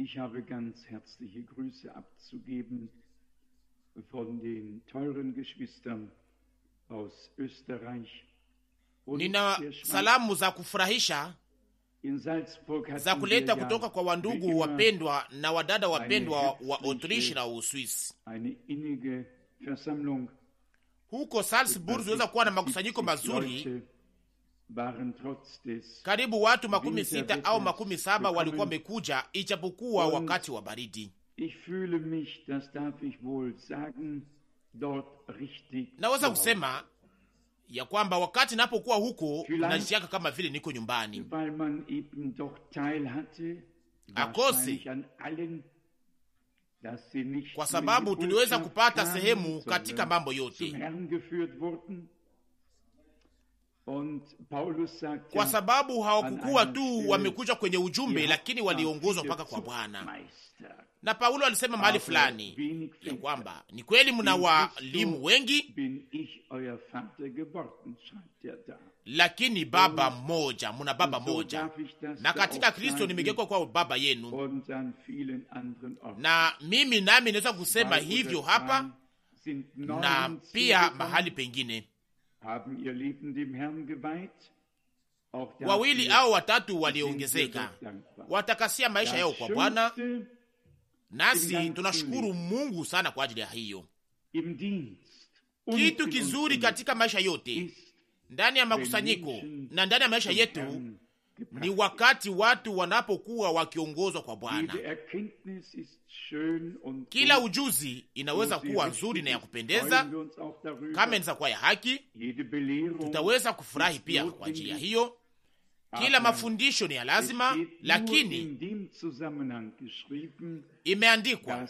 Ich habe ganz herzliche Grüße abzugeben von den teuren Geschwistern aus Österreich. Und nina salamu za kufurahisha za kuleta kutoka kwa wandugu wapendwa na wadada wapendwa wa Autriche na Uswisi. Huko Salzburg uliweza kuwa na makusanyiko mazuri karibu watu makumi sita au makumi saba walikuwa wamekuja, ijapokuwa wakati wa baridi. Naweza kusema ya kwamba wakati napokuwa huko najisikia kama vile niko nyumbani, akose kwa sababu tuliweza kupata sehemu katika mambo yote kwa sababu hawakukuwa tu wamekuja kwenye ujumbe, lakini waliongozwa mpaka kwa Bwana. Na Paulo alisema mahali fulani ya kwamba ni kweli mna walimu wengi, er lakini baba mmoja, muna baba mmoja, na katika Kristo nimegekwa kwa baba yenu. Na mimi nami naweza kusema hivyo hapa na pia mahali pengine wawili au watatu waliongezeka, watakasia maisha yao kwa Bwana. Nasi tunashukuru Mungu sana kwa ajili ya hiyo. Kitu kizuri katika maisha yote ndani ya makusanyiko na ndani ya maisha yetu ni wakati watu wanapokuwa wakiongozwa kwa Bwana. Kila ujuzi inaweza kuwa nzuri na ya kupendeza, kama inaweza kuwa ya haki, tutaweza kufurahi pia kwa njia hiyo. Kila mafundisho ni ya lazima, lakini imeandikwa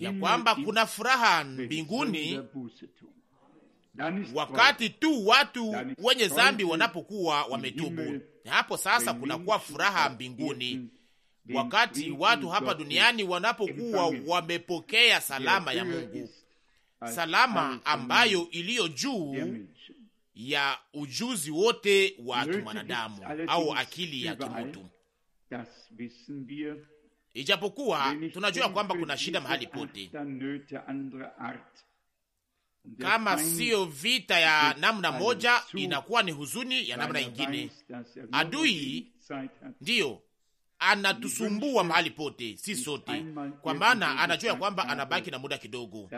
ya kwamba kuna furaha mbinguni wakati tu watu wenye zambi wanapokuwa wametubu. Hapo sasa kunakuwa furaha mbinguni, wakati watu hapa duniani wanapokuwa wamepokea salama ya Mungu, salama ambayo iliyo juu ya ujuzi wote wa mwanadamu au akili ya kimutu. Ijapokuwa tunajua kwamba kuna shida mahali pote kama siyo vita ya namna moja, inakuwa ni huzuni ya namna ingine. Adui ndiyo anatusumbua mahali pote, si sote, kwa maana anajua ya kwamba anabaki na muda kidogo,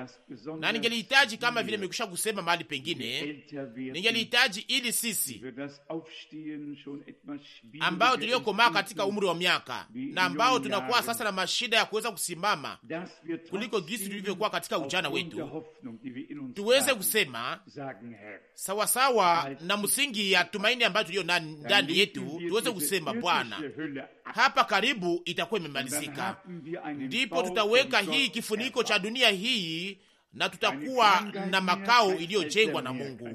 na ningelihitaji kama vile nimekusha kusema mahali pengine, ningelihitaji ili sisi ambao tuliokomaa katika umri wa miaka na ambao tunakuwa sasa na mashida ya kuweza kusimama kuliko jinsi tulivyokuwa katika ujana wetu, tuweze kusema sawasawa na msingi ya tumaini ambayo tuliyo ndani yetu, tuweze kusema Bwana hapa karibu itakuwa imemalizika, ndipo tutaweka hii kifuniko cha dunia hii na tutakuwa na makao iliyojengwa na Mungu,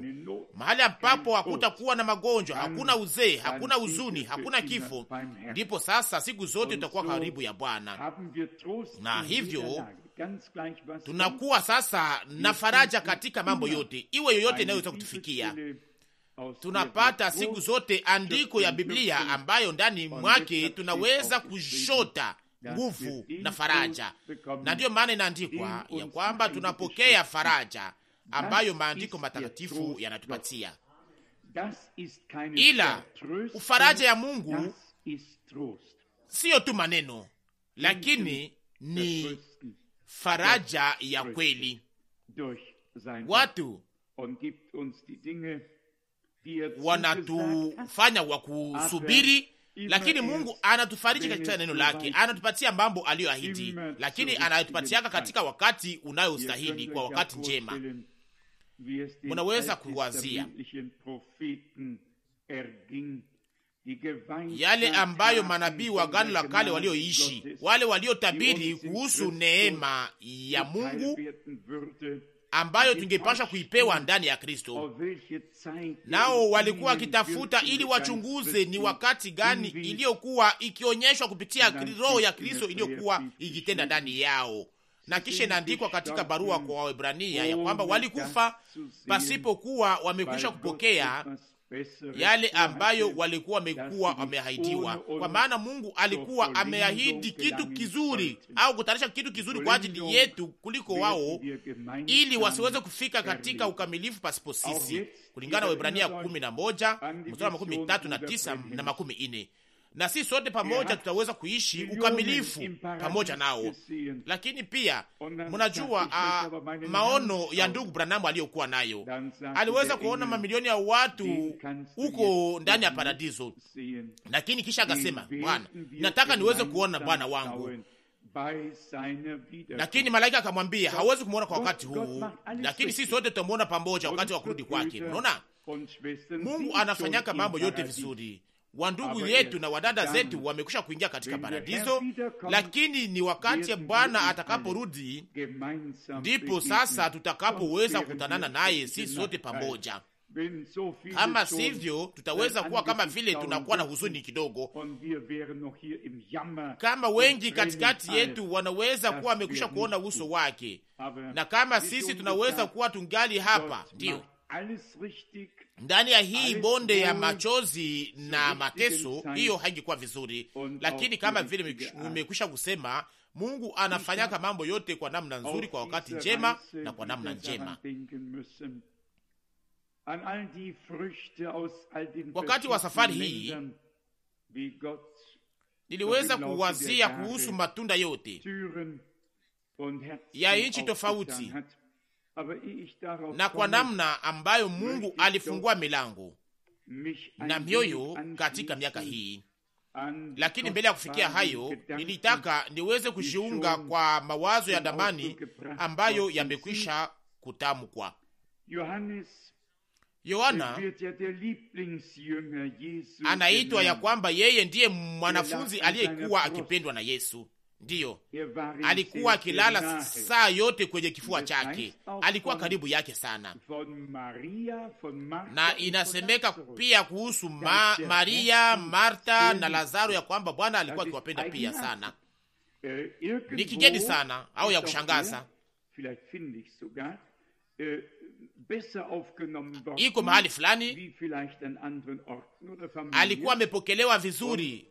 mahali ambapo hakutakuwa na magonjwa, hakuna uzee, hakuna huzuni, hakuna kifo. Ndipo sasa siku zote tutakuwa karibu ya Bwana, na hivyo tunakuwa sasa na faraja katika mambo yote, iwe yoyote inayoweza kutufikia tunapata siku zote andiko ya Biblia ambayo ndani mwake tunaweza kushota nguvu na faraja, na ndiyo maana inaandikwa ya kwamba tunapokea faraja ambayo maandiko matakatifu yanatupatia. Ila ufaraja ya Mungu siyo tu maneno, lakini ni faraja ya kweli watu wanatufanya wa kusubiri, lakini Mungu anatufariji katika neno lake, anatupatia mambo aliyoahidi, lakini anatupatiaka katika wakati unayostahili, kwa wakati njema. Munaweza kuwazia yale ambayo manabii wa gano la Kale walioishi, wale waliotabiri kuhusu neema ya Mungu ambayo tungepasha kuipewa ndani ya Kristo. Nao walikuwa wakitafuta ili wachunguze ni wakati gani iliyokuwa ikionyeshwa kupitia roho ya Kristo iliyokuwa ikitenda ndani yao, na kisha inaandikwa katika barua kwa Waebrania ya kwamba walikufa pasipokuwa wamekwisha kupokea yale ambayo walikuwa wamekuwa wameahidiwa, kwa maana Mungu alikuwa ameahidi kitu kizuri au kutarisha kitu kizuri kwa ajili yetu kuliko wao, ili wasiweze kufika katika ukamilifu pasipo sisi, kulingana na Waebrania kumi na moja mstari wa makumi tatu na tisa na makumi ine na si sote pamoja tutaweza kuishi ukamilifu pamoja nao. Lakini pia mnajua ah, maono ya ndugu Branamu aliyokuwa nayo, aliweza kuona mamilioni ya watu huko ndani ya paradiso, lakini kisha akasema, Bwana, nataka niweze kuona Bwana wangu lakini malaika akamwambia hawezi kumwona kwa wakati huu, lakini sisi sote tutamwona pamoja wakati wa kurudi kwake. Unaona, Mungu anafanyaka mambo yote vizuri wandugu yetu na wadada zetu wamekwisha kuingia katika paradiso, lakini ni wakati Bwana atakaporudi ndipo sasa tutakapoweza kutanana naye sisi sote pamoja. Kama sivyo, tutaweza kuwa kama vile tunakuwa na huzuni kidogo. Kama wengi katikati yetu wanaweza kuwa wamekwisha kuona uso wake, na kama sisi tunaweza kuwa tungali hapa, ndiyo ndani ya hii bonde ya machozi na mateso, hiyo haingekuwa vizuri, lakini kama vile nimekwisha kusema, Mungu anafanyaka mambo yote kwa namna nzuri, kwa wakati njema na kwa namna njema. Wakati wa safari hii niliweza kuwazia kuhusu matunda yote ya nchi tofauti na kwa namna ambayo Mungu alifungua milango na mioyo katika miaka hii. Lakini mbele ya kufikia hayo, nilitaka niweze kujiunga kwa mawazo ya damani ambayo yamekwisha kutamkwa. Yohana anaitwa ya kwamba yeye ndiye er mwanafunzi aliyekuwa akipendwa na Yesu. Ndiyo, alikuwa akilala saa yote kwenye kifua chake, alikuwa karibu yake sana. Na inasemeka pia kuhusu ma Maria, Marta na Lazaro ya kwamba Bwana alikuwa akiwapenda pia sana. Eh, Ni kigeni sana au ya kushangaza, eh, iko mahali fulani alikuwa amepokelewa vizuri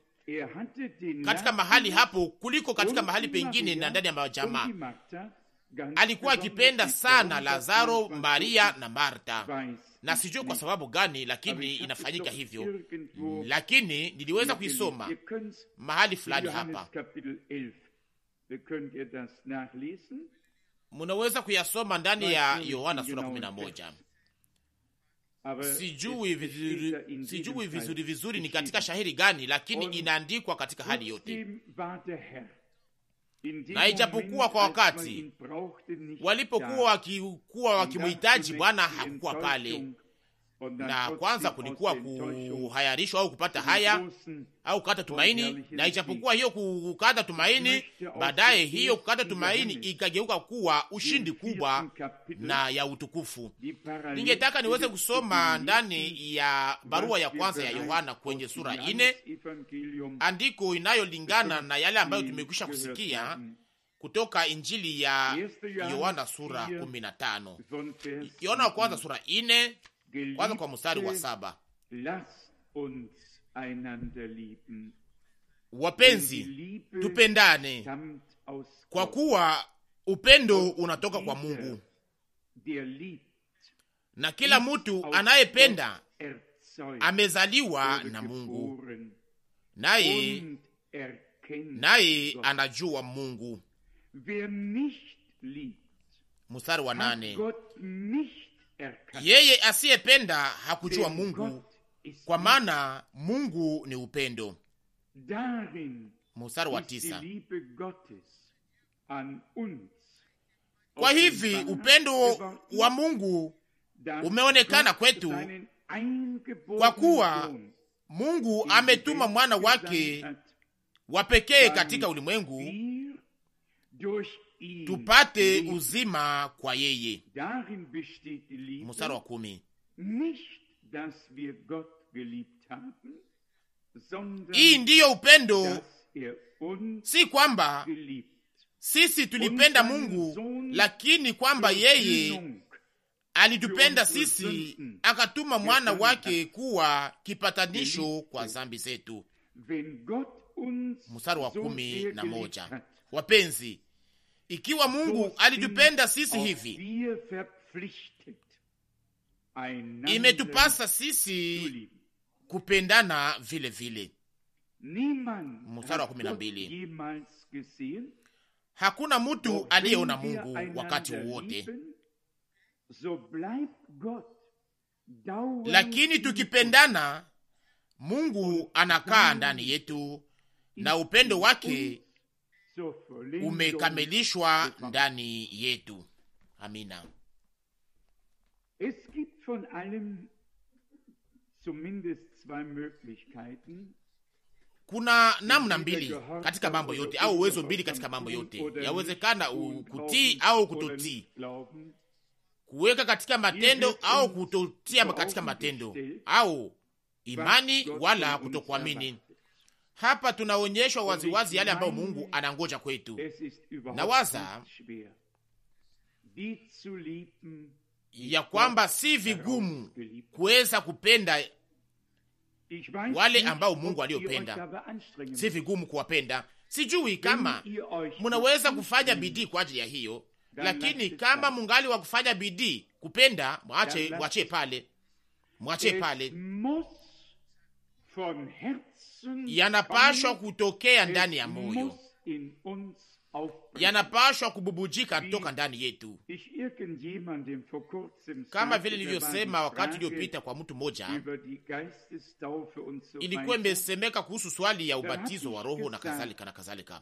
katika mahali hapo kuliko katika mahali pengine na ndani ya majamaa. Alikuwa akipenda sana Lazaro, Maria na Marta, na sijui kwa sababu gani, lakini inafanyika hivyo. Lakini niliweza kuisoma mahali fulani hapa, munaweza kuyasoma ndani ya Yohana sura 11 sijui vizuri, sijui vizuri vizuri ni katika shahiri gani, lakini inaandikwa katika hali yote. Na ijapokuwa kwa wakati walipokuwa wakikuwa wakimhitaji Bwana hakukuwa pale na kwanza kulikuwa kuhayarishwa au kupata haya au kukata tumaini, na ijapokuwa hiyo kukata tumaini, baadaye hiyo kukata tumaini ikageuka kuwa ushindi kubwa na ya utukufu. Ningetaka niweze kusoma ndani ya barua ya kwanza ya Yohana kwenye sura ine andiko inayolingana na yale ambayo tumekwisha kusikia kutoka Injili ya Yohana sura kumi na tano Yohana wa kwanza sura ine kwanza kwa mstari wa saba, wapenzi tupendane, kwa kuwa upendo unatoka kwa Mungu, na kila mtu anayependa amezaliwa na Mungu naye naye anajua Mungu. Mstari wa nane yeye asiyependa hakujua Mungu, kwa maana Mungu ni upendo. Mstari wa tisa. Kwa hivi upendo wa Mungu umeonekana kwetu kwa kuwa Mungu ametuma mwana wake wa pekee katika ulimwengu Hmm. tupate hmm. uzima kwa yeye. Mstari wa kumi hii ndiyo upendo, er si kwamba sisi tulipenda Mungu, lakini kwamba yeye alitupenda sisi akatuma er mwana wake kuwa kipatanisho kwa zambi zetu. Mstari wa kumi na moja. Wapenzi, ikiwa Mungu alitupenda sisi hivi, imetupasa sisi kupendana vile vile. Mstari wa kumi na mbili. Hakuna mtu aliyeona Mungu wakati wowote, lakini tukipendana, Mungu anakaa ndani yetu na upendo wake umekamilishwa ndani yetu. Amina. Kuna namna mbili katika mambo yote au uwezo mbili katika mambo yote, yawezekana kutii au kutotii, kuweka katika matendo au kutotia katika matendo, au imani wala kutokuamini. Hapa tunaonyeshwa waziwazi yale ambayo Mungu anangoja kwetu. Nawaza ya kwamba si vigumu kuweza kupenda wale ambao Mungu aliopenda si vigumu kuwapenda. Sijui kama munaweza kufanya bidii kwa ajili ya hiyo, lakini kama mungali wa kufanya bidii kupenda, mwache, mwache pale, mwache pale yanapashwa kutokea ndani ya moyo, yanapashwa kububujika toka ndani yetu. Kama vile nilivyosema wakati uliopita kwa mtu mmoja, ilikuwa imesemeka kuhusu swali ya ubatizo wa Roho na kadhalika na kadhalika,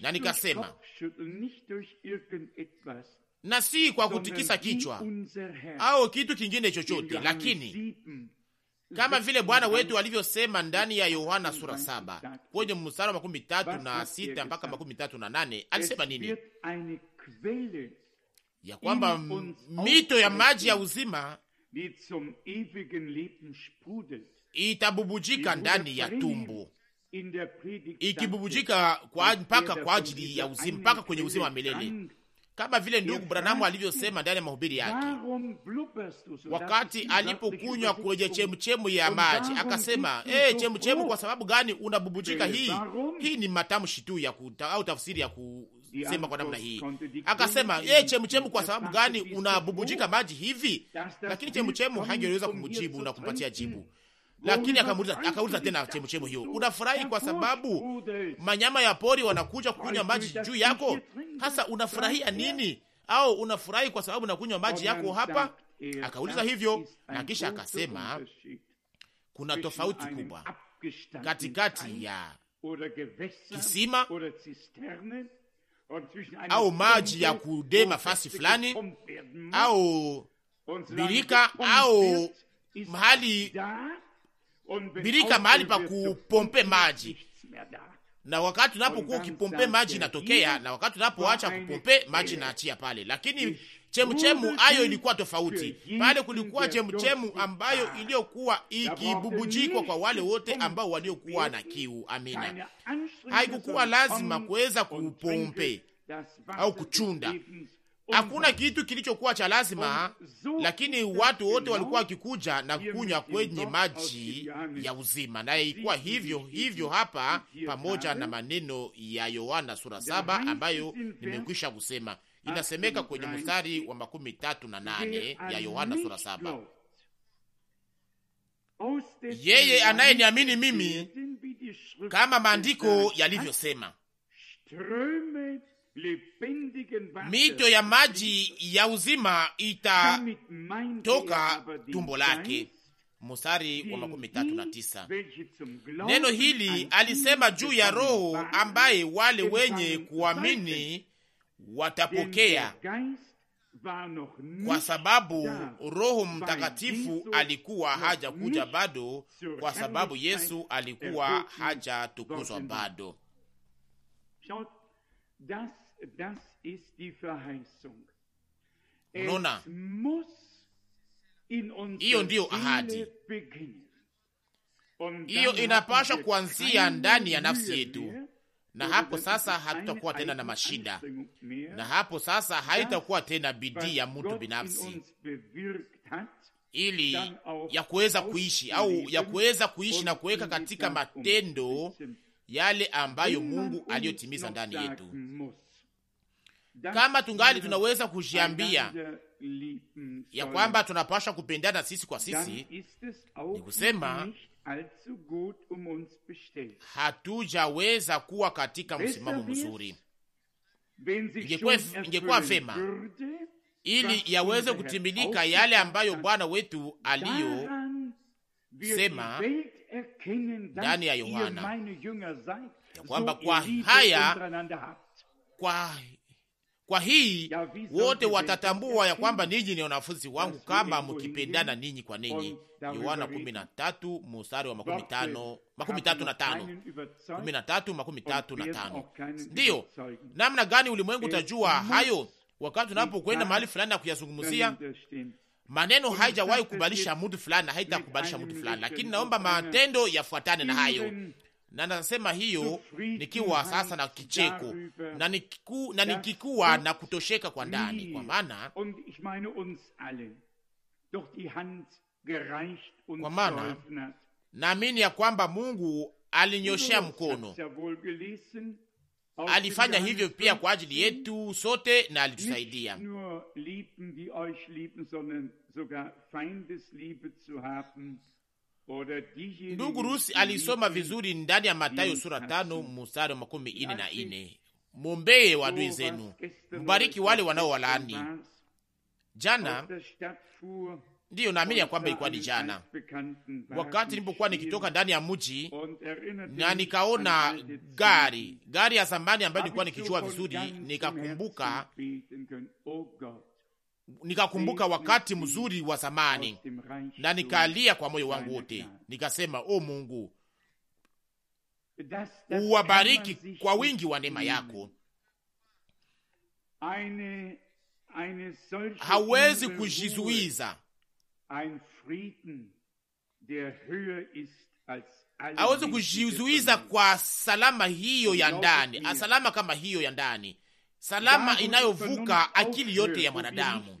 na nikasema na si kwa kutikisa kichwa au kitu kingine chochote, lakini kama vile Bwana wetu alivyosema ndani ya Yohana sura saba kwenye mstari wa makumi tatu na sita mpaka makumi tatu na nane alisema nini? Ya kwamba mito ya maji ya uzima itabubujika ndani ya tumbu ikibubujika mpaka kwa ajili ya uzima, mpaka kwenye uzima wa milele kama vile ndugu Branamu alivyosema ndani ya mahubiri yake, wakati alipokunywa kwenye chemuchemu ya maji akasema, eh, chemu chemu kwa sababu gani unabubujika? Hii hii ni matamshi tu ya kuta, au tafsiri ya kusema kwa namna hii. Akasema, eh, chemu chemu kwa sababu gani unabubujika maji hivi? Lakini chemuchemu hangeweza kumjibu na kumpatia jibu lakini akauliza tena chemuchemu hiyo, unafurahi kwa sababu manyama ya pori wanakuja kukunywa maji juu yako? Hasa unafurahia nini? Au unafurahi kwa sababu nakunywa maji yako hapa? Akauliza hivyo, na kisha akasema kuna tofauti kubwa katikati ya kisima au maji ya kudema fasi fulani au birika au mahali birika mahali pa kupompe maji, na wakati unapokuwa ukipompe maji inatokea, na wakati unapoacha kupompe maji inaachia pale. Lakini chemu hayo ilikuwa tofauti pale, kulikuwa chemu ambayo ah. iliyokuwa ikibubujikwa kwa wale wote ambao waliokuwa na kiu. Amina, haikukuwa lazima kuweza kupompe au kuchunda Hakuna kitu kilichokuwa cha lazima, lakini watu wote walikuwa wakikuja na kunywa kwenye maji ya uzima, na ilikuwa hivyo hivyo hapa, pamoja na maneno ya Yohana sura saba ambayo nimekwisha kusema. Inasemeka kwenye mstari wa makumi tatu na nane ya Yohana sura saba oh, yeye anayeniamini mimi, kama maandiko yalivyosema mito ya maji ya uzima itatoka tumbo lake. Mstari wa makumi tatu na tisa. Neno hili alisema juu ya Roho ambaye wale wenye kuamini watapokea, kwa sababu Roho Mtakatifu alikuwa haja kuja bado, kwa sababu Yesu alikuwa hajatukuzwa bado. Unaona, hiyo ndiyo ahadi, hiyo inapashwa kuanzia ndani ya nafsi yetu, na hapo sasa hatutakuwa tena na mashida, na hapo sasa haitakuwa tena bidii ya mtu binafsi ili ya kuweza kuishi au ya kuweza kuishi na kuweka katika matendo yale ambayo Mungu aliyotimiza ndani yetu kama tungali tunaweza kujiambia ya kwamba tunapasha kupendana sisi kwa sisi, ni kusema um hatujaweza kuwa katika msimamo mzuri. Ingekuwa fema ili yaweze kutimilika yale ambayo Bwana wetu aliyo sema ndani ya Yohana ya kwamba kwa haya kwa kwa hii wote watatambua ya kwamba ninyi ni wanafunzi wangu kama mkipendana ninyi kwa ninyi. Yohana 13 mstari wa 15 Ndiyo namna gani ulimwengu utajua hayo? Wakati unapokwenda mahali fulani na kuyazungumzia maneno, haijawahi kubalisha mtu fulani, haitakubalisha mtu fulani, lakini naomba matendo yafuatane na hayo, na nasema hiyo nikiwa sasa na kicheko na nikiku, na nikikuwa na kutosheka kwa ndani, kwa maana kwa maana naamini ya kwamba Mungu alinyoshea mkono, alifanya hivyo pia kwa ajili yetu sote na alitusaidia Ndugu Rusi alisoma vizuri ndani ya Matayo sura tano mstari wa makumi ine na ine mombeye wadui zenu, mbariki wale wanaowalaani. Jana ndiyo naamini ya kwamba ilikuwa ni jana, wakati nilipokuwa nikitoka ndani ya mji na nikaona gari gari ya zamani ambayo nilikuwa nikichua vizuri, nikakumbuka nikakumbuka wakati mzuri wa zamani, na nikaalia kwa moyo wangu wote, nikasema: o oh, Mungu, uwabariki kwa wingi wa neema yako. Hawezi kujizuiza, hawezi kujizuiza kwa salama hiyo ya ndani, asalama kama hiyo ya ndani salama inayovuka akili yote ya mwanadamu.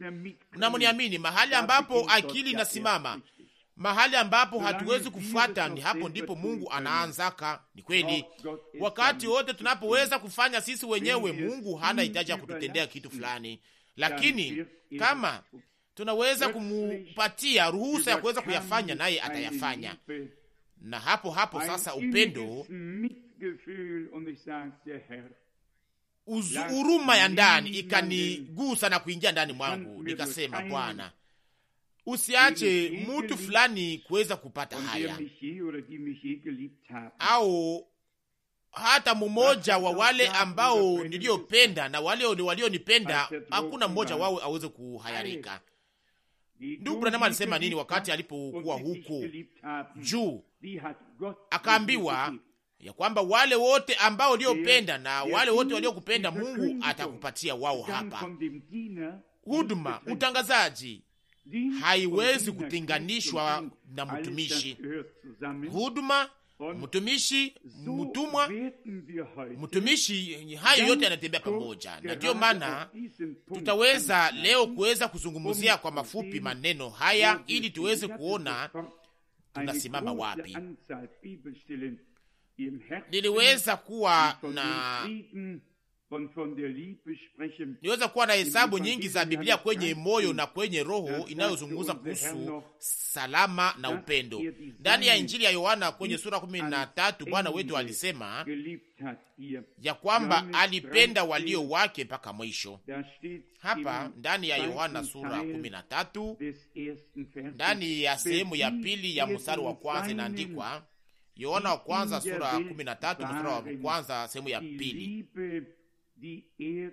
Unamniamini, mahali ambapo akili inasimama, mahali ambapo hatuwezi kufuata, ni hapo ndipo Mungu anaanzaka. Ni kweli, wakati wote tunapoweza kufanya sisi wenyewe, Mungu hana hitaji ya kututendea kitu fulani, lakini kama tunaweza kumupatia ruhusa ya kuweza kuyafanya, naye atayafanya. Na hapo hapo sasa upendo huruma ya ndani ikanigusa na kuingia ndani mwangu, nikasema, Bwana, usiache mtu fulani kuweza kupata haya, au hata mmoja wa wale ambao niliyopenda na wale walionipenda, hakuna mmoja wao aweze kuhayarika. Ndugu Branham alisema nini wakati alipokuwa huko juu? Akaambiwa ya kwamba wale wote ambao waliopenda na wale wote waliokupenda Mungu atakupatia wao. Hapa huduma utangazaji haiwezi kutenganishwa na mtumishi. Huduma, mtumishi, mtumwa, mtumishi, hayo yote yanatembea pamoja, na ndiyo maana tutaweza leo kuweza kuzungumzia kwa mafupi maneno haya ili tuweze kuona tunasimama wapi niliweza kuwa na niweza kuwa na hesabu nyingi za Biblia kwenye moyo na kwenye roho inayozungumza kuhusu salama na upendo. Er ndani ya Injili ya Yohana kwenye sura kumi na tatu Bwana wetu alisema ya kwamba alipenda walio wake mpaka mwisho. Hapa ndani ya Yohana sura kumi na tatu ndani ya sehemu ya pili ya mstari wa kwanza inaandikwa Yohana wa kwanza sura ya kumi na tatu mstari wa kwanza sehemu ya pili er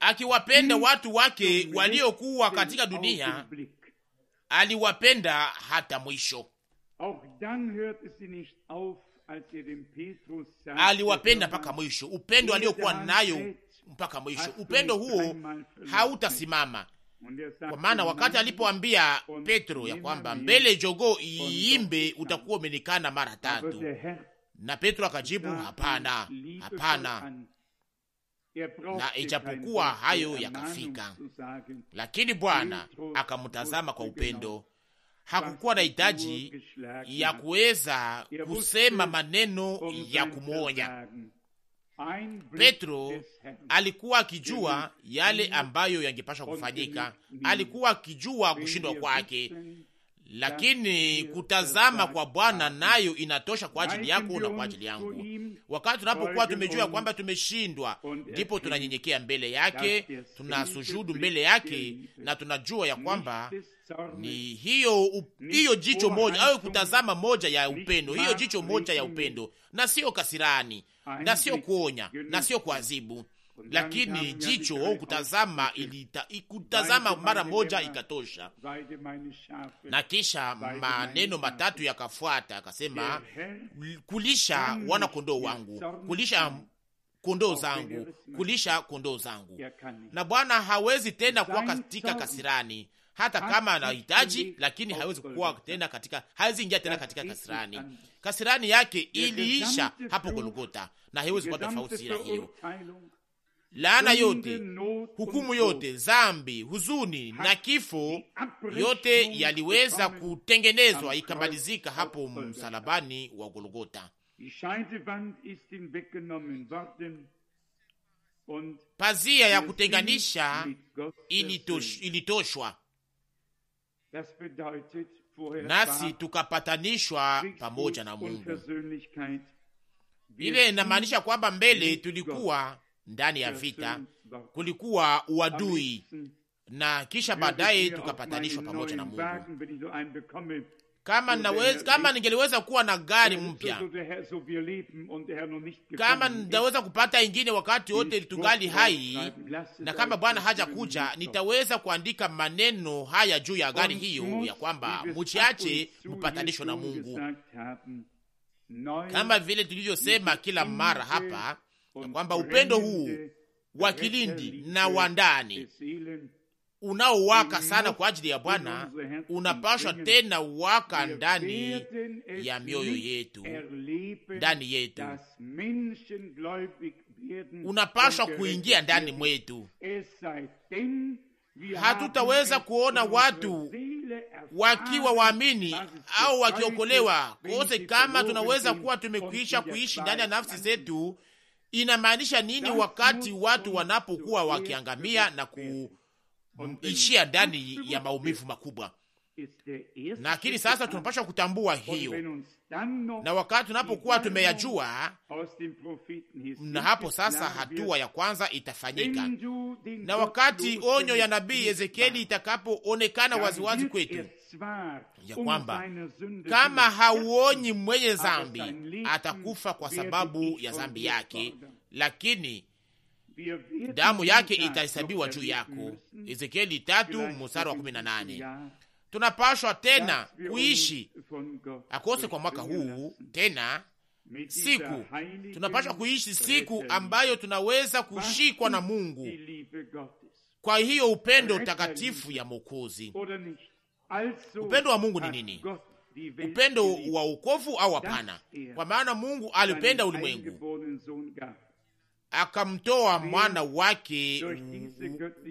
akiwapenda watu wake waliokuwa katika dunia, aliwapenda hata mwisho. Aliwapenda mpaka mwisho, upendo aliokuwa nayo mpaka mwisho. Upendo huo hautasimama. Kwa maana wakati alipoambia Petro ya kwamba mbele jogo iimbe, utakuwa umenikana mara tatu, na Petro akajibu hapana, hapana. Na ijapokuwa hayo yakafika, lakini Bwana akamtazama kwa upendo. Hakukuwa na hitaji ya kuweza kusema maneno ya kumwonya Petro alikuwa akijua yale ambayo yangepashwa kufanyika, alikuwa akijua kushindwa kwake, lakini kutazama kwa Bwana nayo inatosha kwa ajili yako na kwa ajili yangu. Wakati tunapokuwa tumejua kwamba tumeshindwa, ndipo tunanyenyekea mbele yake, tunasujudu mbele yake, na tunajua ya kwamba ni hiyo hiyo jicho moja au kutazama moja ya upendo, hiyo jicho moja ya upendo, na sio kasirani na sio kuonya na sio kuadhibu, lakini jicho au kutazama ilita, ikutazama mara moja ikatosha. Na kisha maneno matatu yakafuata, akasema kulisha wana kondoo wangu, kulisha kondoo zangu, kulisha kondoo zangu. Na Bwana hawezi tena kuwa katika kasirani hata kama anahitaji, lakini hawezi kuwa tena katika, hawezi ingia tena katika kasirani. Kasirani yake iliisha hapo Golgota, na haiwezi kuwa tofauti na hiyo. Oh, Laana yote, hukumu yote, zambi, huzuni na kifo yote yaliweza kutengenezwa ikamalizika hapo msalabani wa Golgota. Pazia ya kutenganisha ilitosh, ilitoshwa nasi tukapatanishwa pamoja na Mungu. Ile inamaanisha kwamba mbele tulikuwa ndani ya vita, kulikuwa uadui na kisha baadaye tukapatanishwa pamoja na Mungu. Kama ninaweza, kama ningeliweza kuwa na gari mpya, kama nitaweza kupata ingine wakati wote tungali hai, na kama Bwana haja kuja, nitaweza kuandika maneno haya juu ya gari hiyo ya kwamba muchiache mpatanisho na Mungu, kama vile tulivyosema kila mara hapa ya kwamba upendo huu wa kilindi na wa ndani unaowaka sana kwa ajili ya Bwana unapashwa tena waka ndani ya mioyo yetu, ndani yetu unapashwa kuingia ndani mwetu. Hatutaweza kuona watu wakiwa waamini au wakiokolewa kose kama tunaweza kuwa tumekwisha kuishi ndani ya nafsi zetu. Inamaanisha nini wakati watu wanapokuwa wakiangamia na ku ishia ndani ya maumivu makubwa. Lakini sasa tunapashwa kutambua hiyo, na wakati tunapokuwa tumeyajua, na hapo sasa hatua ya kwanza itafanyika. Na wakati onyo ya nabii Ezekieli itakapoonekana waziwazi kwetu ya kwamba kama hauonyi mwenye zambi atakufa kwa sababu ya zambi yake, lakini damu yake itahesabiwa juu yako. Ezekieli tatu mstari wa kumi na nane. Tunapashwa tena kuishi akose kwa mwaka huu tena siku tunapashwa kuishi siku ambayo tunaweza kushikwa na Mungu kwa hiyo upendo takatifu ya Mwokozi. Upendo wa Mungu ni nini? Upendo wa ukovu au hapana? Er kwa maana Mungu alipenda ulimwengu akamtoa mwana wake,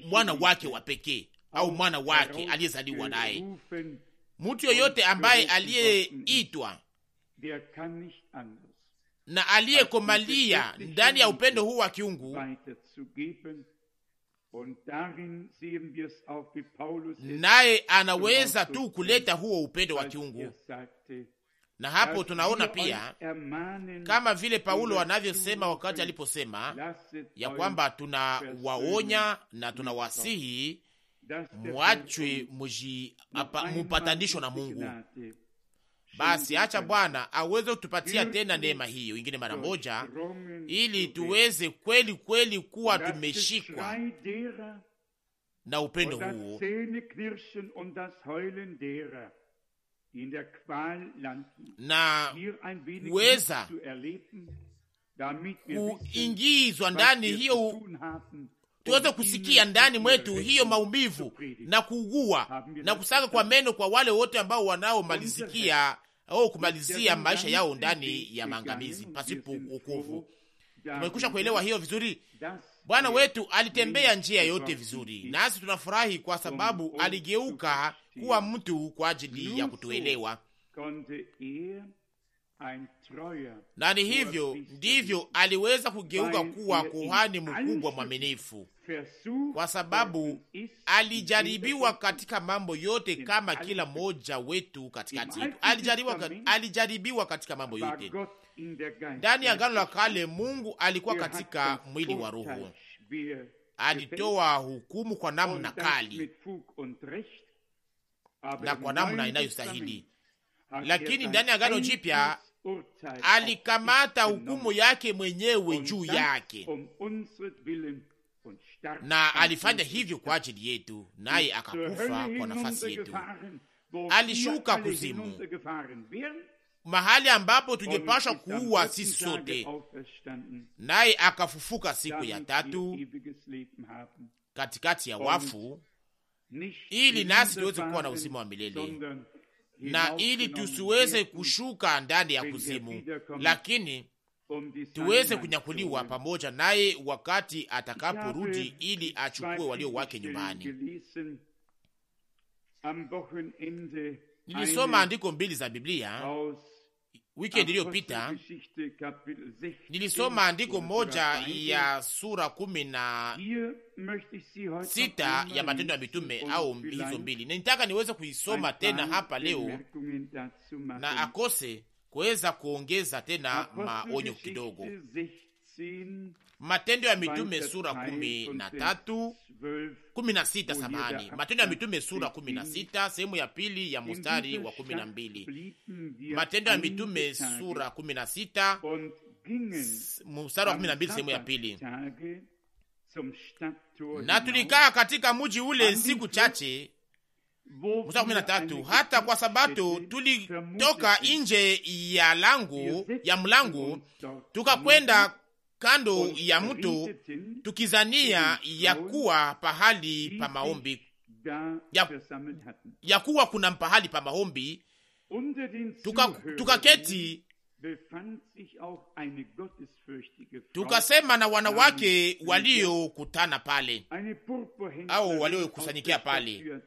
mwana wake wa pekee au mwana wake aliyezaliwa naye. Mtu yoyote ambaye aliyeitwa na aliyekomalia ndani ya upendo huu wa kiungu, naye anaweza tu kuleta huo upendo wa kiungu er na hapo tunaona pia kama vile Paulo anavyosema wakati aliposema ya kwamba tunawaonya na tunawasihi mwachwe mupatanishwe na Mungu. Basi acha Bwana aweze kutupatia tena neema hiyo ingine mara moja, ili tuweze kweli kweli kuwa tumeshikwa na upendo huo na kuweza kuingizwa ndani hiyo, tuweze um kusikia ndani mwetu hiyo maumivu na kuugua na kusaga kwa meno, kwa wale wote ambao wanaomalizikia au kumalizia maisha yao ndani ya maangamizi pasipo wokovu. tumekusha kuelewa hiyo vizuri. Bwana wetu alitembea njia yote vizuri, nasi tunafurahi kwa sababu aligeuka kuwa mtu kwa ajili ya kutuelewa, na ni hivyo ndivyo aliweza kugeuka kuwa kuhani mkubwa mwaminifu, kwa sababu alijaribiwa katika mambo yote kama kila mmoja wetu katikati yetu. Alijaribiwa katika mambo yote. Ndani ya Agano la Kale, Mungu alikuwa katika mwili wa Roho, alitoa hukumu kwa namna kali na kwa namna inayostahili. Lakini ndani ya Agano Jipya alikamata hukumu yake mwenyewe juu yake, na alifanya hivyo kwa ajili yetu, naye akakufa kwa nafasi yetu. Alishuka kuzimu, mahali ambapo tungepashwa kuua sisi sote, naye akafufuka siku ya tatu katikati ya wafu ili nasi tuweze kuwa na uzima wa milele na ili tusiweze kushuka ndani ya kuzimu, lakini tuweze kunyakuliwa pamoja naye wakati atakaporudi, ili achukue walio wake nyumbani. Nilisoma andiko mbili za Biblia Wikendi iliyopita nilisoma andiko moja ya sura kumi na sita ya Matendo ya Mitume au hizo mbili, nitaka niweze kuisoma tena hapa leo na akose kuweza kuongeza tena maonyo kidogo. Matendo ya Mitume sura kumi na tatu kumi na sita samahani, Matendo ya Mitume sura kumi na sita sehemu ya pili ya mustari wa kumi na mbili Matendo ya Mitume sura kumi na sita mstari wa kumi na mbili sehemu ya pili na tulikaa katika muji ule siku chache. Mstari wa kumi na tatu hata kwa sabato tulitoka nje ya langu ya mlango tukakwenda kando ya mto, tukizania ya kuwa pahali pa maombi ya, ya kuwa kuna pahali pa maombi tukaketi, tuka tukasema na wanawake waliokutana pale au waliokusanyikia pale.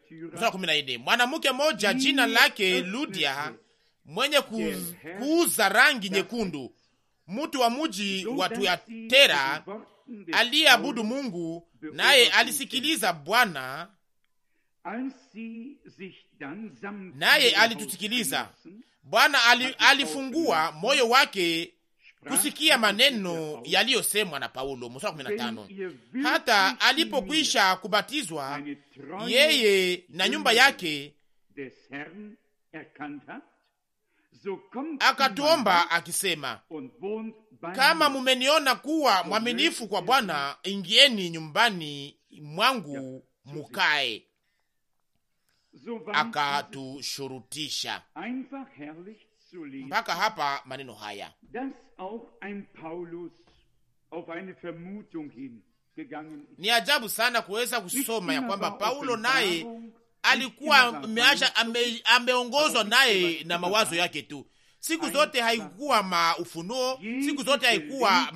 kumi na nne mwanamke mmoja jina lake Ludia mwenye kuuza rangi nyekundu mtu wa muji wa tuatera aliyeabudu Mungu, naye alisikiliza Bwana, naye alitusikiliza. Bwana ali, alifungua moyo wake kusikia maneno yaliyosemwa na Paulo mstari kumi na tano. Hata alipokwisha kubatizwa yeye na nyumba yake akatuomba akisema, kama mumeniona kuwa mwaminifu kwa Bwana, ingieni nyumbani mwangu mukae. Akatushurutisha mpaka hapa maneno haya ni ajabu sana kuweza kusoma ya kwamba Paulo naye alikuwa ameongozwa ame naye na mawazo yake tu. Siku zote haikuwa maufunuo, siku zote eh, haikuwa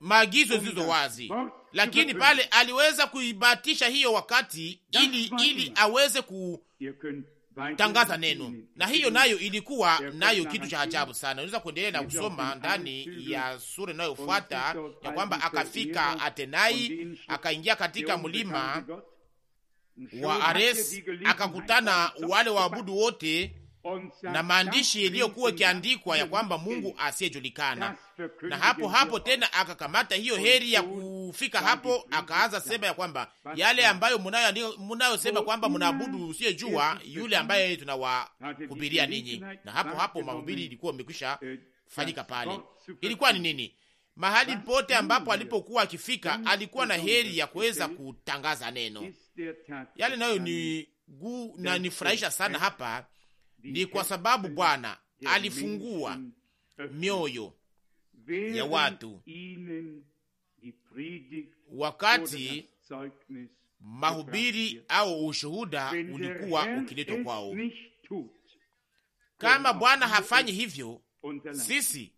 maagizo um zilizo wazi, lakini pale aliweza kuibatisha hiyo wakati ili, ili aweze ku tangaza neno, na hiyo nayo ilikuwa nayo kitu cha ajabu sana. Unaweza kuendelea na kusoma ndani ya sura inayofuata ya kwamba akafika Atenai, akaingia katika mlima wa Ares, akakutana wale waabudu wote na maandishi iliyokuwa ikiandikwa ya kwamba Mungu asiyejulikana. Na hapo hapo tena akakamata hiyo heri ya kufika hapo, akaanza sema ya kwamba yale ambayo mnayosema kwamba mnaabudu usiyejua yule ambaye tunawahubiria ninyi. Na hapo hapo mahubiri ilikuwa imekwisha fanyika pale. Ilikuwa ni nini? Mahali pote ambapo alipokuwa akifika, alikuwa na heri ya kuweza kutangaza neno yale. Nayo ni gu na nifurahisha sana hapa ni kwa sababu Bwana alifungua mioyo ya watu wakati mahubiri au ushuhuda ulikuwa ukiletwa kwao. Kama Bwana hafanyi hivyo, sisi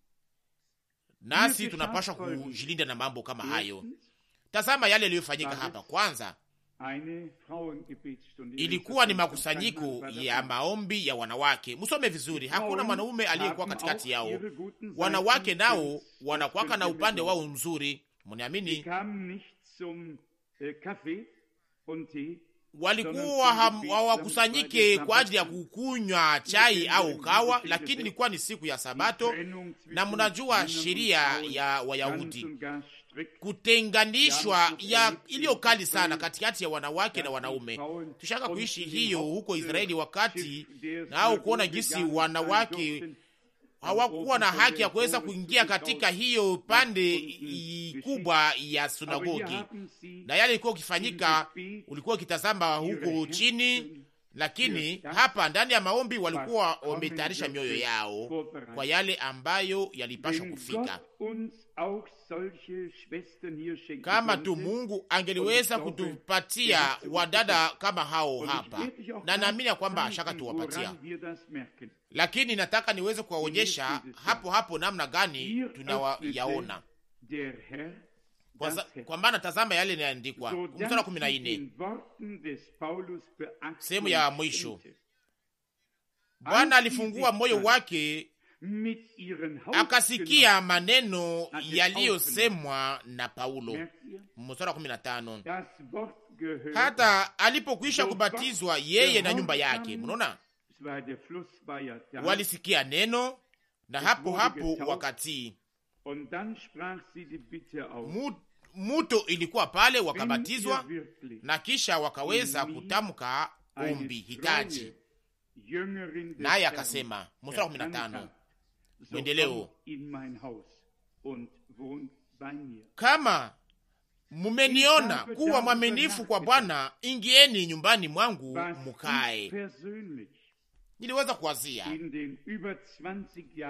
nasi tunapashwa kujilinda na mambo kama hayo. Tazama yale yaliyofanyika hapa. Kwanza Ilikuwa ni makusanyiko ya maombi ya wanawake. Msome vizuri, hakuna mwanaume aliyekuwa katikati yao. Wanawake nao wanakwaka na upande wao mzuri, mniamini. Äh, Walikuwa hawakusanyike kwa ajili ya kukunywa chai au kawa, lakini ilikuwa ni siku ya Sabato, na mnajua sheria ya Wayahudi kutenganishwa yaani ya iliyo kali sana katikati ya wanawake na yaani wanaume. Tushaka kuishi hiyo huko Israeli wakati au kuona jinsi wanawake hawakuwa na haki ya kuweza kuingia katika hiyo pande kubwa ya sunagogi, na yale ilikuwa ukifanyika, ulikuwa ukitazama huko chini, lakini hapa ndani ya maombi walikuwa wametayarisha mioyo yao kwa yale ambayo yalipashwa kufika. Kama tu Mungu angeliweza kutupatia er wadada kama hao hapa, na naamini ya kwamba ashaka tuwapatia, lakini nataka niweze kuwaonyesha hapo hapo namna gani tunawayaona kwa maana tazama yale inaandikwa mstari kumi na nne sehemu ya mwisho. Bwana alifungua moyo wake akasikia maneno yaliyosemwa na Paulo. Mstari wa 15, hata alipokwisha kubatizwa yeye na nyumba yake. Mnaona, walisikia neno na hapo hapo wakati muto ilikuwa pale, wakabatizwa na kisha wakaweza kutamka ombi hitaji, naye akasema, er mstari wa mwendeleo. Kama mumeniona kuwa mwaminifu kwa Bwana, ingieni nyumbani mwangu mukae. Niliweza kuwazia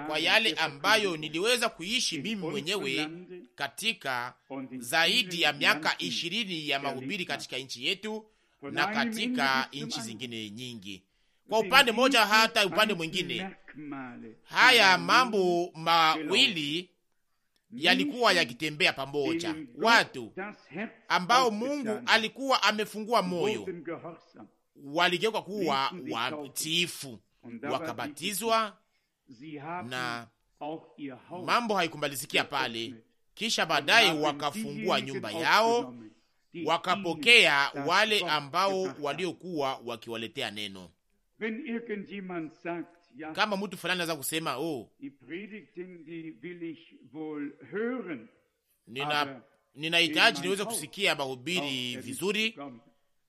kwa yale ambayo niliweza kuishi mimi mwenyewe katika zaidi ya miaka ishirini ya mahubiri katika nchi yetu na katika nchi zingine nyingi, kwa upande mmoja hata upande mwingine haya mambo mawili yalikuwa yakitembea pamoja, watu ambao Mungu alikuwa amefungua moyo waligeuka kuwa watiifu, wakabatizwa na mambo haikumbalizikia pale. Kisha baadaye wakafungua nyumba yao, wakapokea wale ambao waliokuwa wakiwaletea neno kama mtu fulani anaweza kusema oh, nina ninahitaji niweze kusikia mahubiri vizuri,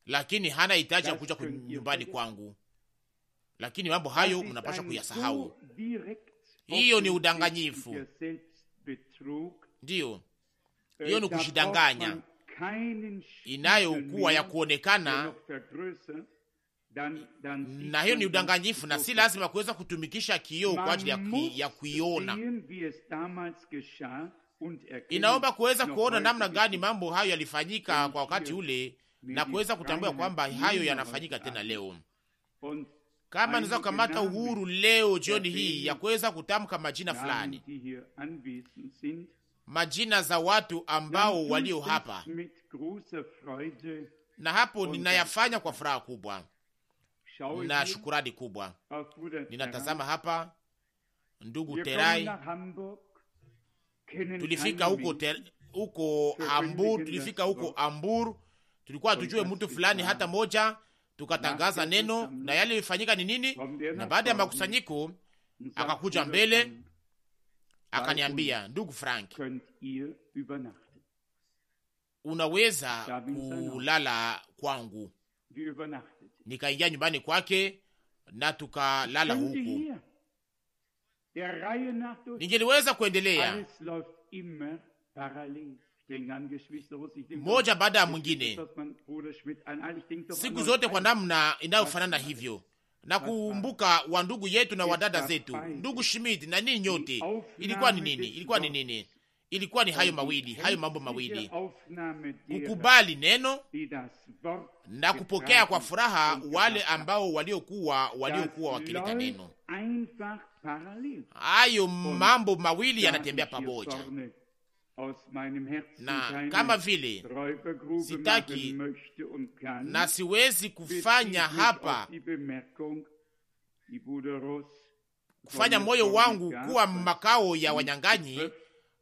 lakini hana hitaji ya kuja nyumbani kwangu. Lakini mambo hayo mnapasha kuyasahau. Hiyo ni udanganyifu, ndiyo, äh, hiyo ni kujidanganya inayokuwa ya kuonekana na hiyo ni udanganyifu na si lazima kuweza kutumikisha kioo kwa ajili ya, kui, ya kuiona. Inaomba kuweza kuona namna gani mambo hayo yalifanyika kwa wakati ule na kuweza kutambua kwamba hayo yanafanyika tena leo. Kama naweza kukamata uhuru leo jioni hii ya kuweza kutamka majina fulani, majina za watu ambao walio hapa, na hapo ninayafanya kwa furaha kubwa na shukurani kubwa. Ninatazama hapa ndugu Terai, tulifika huko huko Hambur, tulifika huko Hambur, tulikuwa tujue mtu fulani hata moja, tukatangaza neno na yale ilifanyika ni nini, na baada ya makusanyiko akakuja mbele akaniambia, ndugu Frank, unaweza kulala kwangu nikaingia nyumbani kwake na tukalala huku. Ningeliweza kuendelea moja baada ya mwingine, siku zote kwa namna inayofanana hivyo. Nakumbuka wa ndugu yetu na wadada zetu, ndugu Schmidt na nini nyote, ilikuwa ni nini? Ilikuwa ni nini? ilikuwa ni hayo mawili, hayo mambo mawili: kukubali neno na kupokea kwa furaha wale ambao waliokuwa waliokuwa wakileta neno. Hayo mambo mawili yanatembea pamoja, na kama vile sitaki na siwezi kufanya hapa kufanya moyo wangu kuwa makao ya wanyang'anyi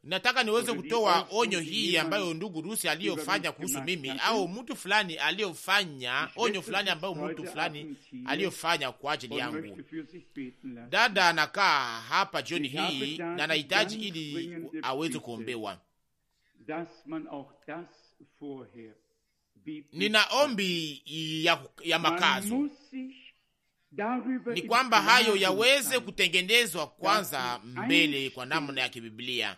Nataka niweze kutoa onyo hii ambayo ndugu Rusi aliyofanya kuhusu mimi, au mtu fulani aliyofanya onyo fulani ambayo mtu fulani aliyofanya kwa ajili yangu. Dada anakaa hapa jioni hii na anahitaji ili aweze kuombewa. Nina ombi ya, ya makazo ni kwamba hayo yaweze kutengenezwa kwanza mbele kwa namna ya kibiblia.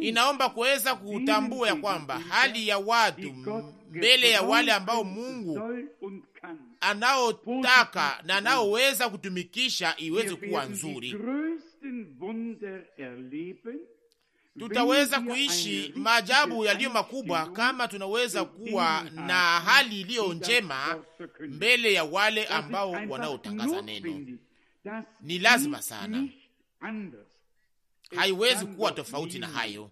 Inaomba kuweza kutambua ya kwamba hali ya watu mbele ya wale ambao Mungu anaotaka na anaoweza kutumikisha iweze kuwa nzuri tutaweza kuishi maajabu yaliyo makubwa kama tunaweza kuwa na hali iliyo njema mbele ya wale ambao wanaotangaza neno. Ni lazima sana, haiwezi kuwa tofauti na hayo.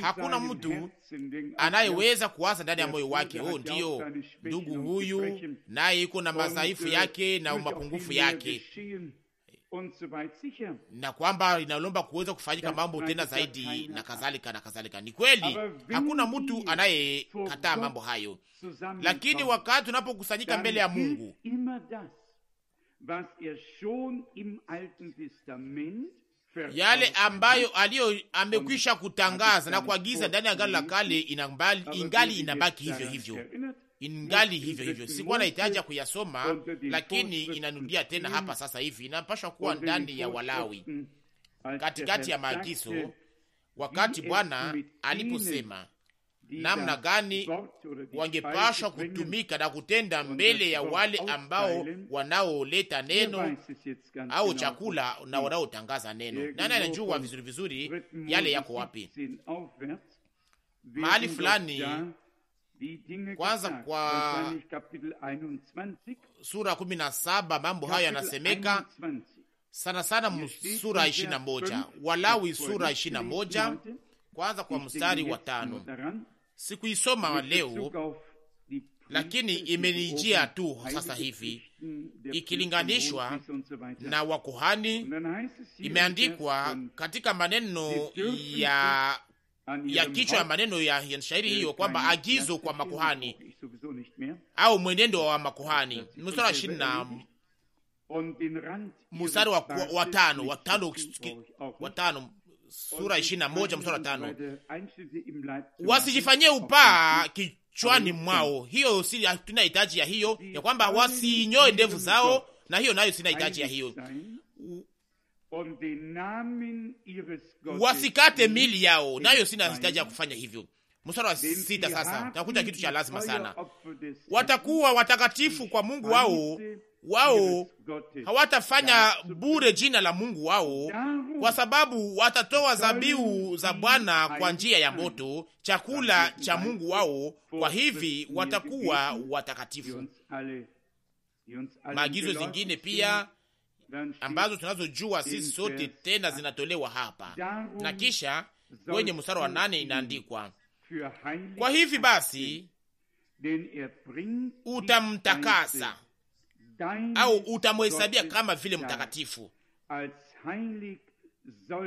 Hakuna mtu anayeweza kuwaza ndani ya moyo wake, oh, ndiyo ndugu huyu naye iko na madhaifu yake na mapungufu yake, na kwamba inalomba kuweza kufanyika mambo tena zaidi na kadhalika na kadhalika. Ni kweli, hakuna mtu anayekataa mambo hayo, lakini wakati tunapokusanyika mbele ya Mungu yale ambayo aliyo amekwisha kutangaza na kuagiza ndani ya Agano la Kale ingali inabaki hivyo hivyo, hivyo ingali hivyo hivyo, sikuwa nahitaji kuyasoma, lakini inanudia tena hapa sasa hivi. inapashwa kuwa ndani ya Walawi, katikati ya maagizo, wakati Bwana aliposema namna gani wangepashwa kutumika na kutenda mbele ya wale ambao wanaoleta neno au chakula na wanaotangaza neno. Nani anajua vizuri vizuri yale yako wapi? Mahali fulani kwanza kwa sura kumi na saba mambo hayo yanasemeka sana sana, sura ishirini na moja Walawi sura ishirini na moja kwanza kwa mstari wa tano. Sikuisoma leo lakini imenijia tu sasa hivi ikilinganishwa na wakuhani, imeandikwa katika maneno ya ya kichwa ya maneno ya shairi hiyo kwamba agizo kwa makuhani au mwenendo wa makuhani, mstari wa ishirini na mstari wa tano wa tano sura ishirini na moja mstari wa tano wasijifanyie upaa kichwani mwao. Hiyo sina hitaji ya hiyo ya kwamba wasinyoe ndevu zao, na hiyo nayo sina hitaji ya hiyo wasikate mili yao, nayo sina hitaji ya kufanya hivyo. Mstari wa sita sasa takuja kitu cha lazima sana, watakuwa watakatifu kwa Mungu wao wao hawatafanya bure jina la Mungu wao, kwa sababu watatoa zabiu za Bwana kwa njia ya moto, chakula cha Mungu wao. Kwa hivi watakuwa watakatifu. Maagizo zingine pia ambazo tunazojua sisi sote tena zinatolewa hapa. Na kisha kwenye mstari wa nane inaandikwa, kwa hivi basi utamtakasa au utamhesabia kama vile mtakatifu,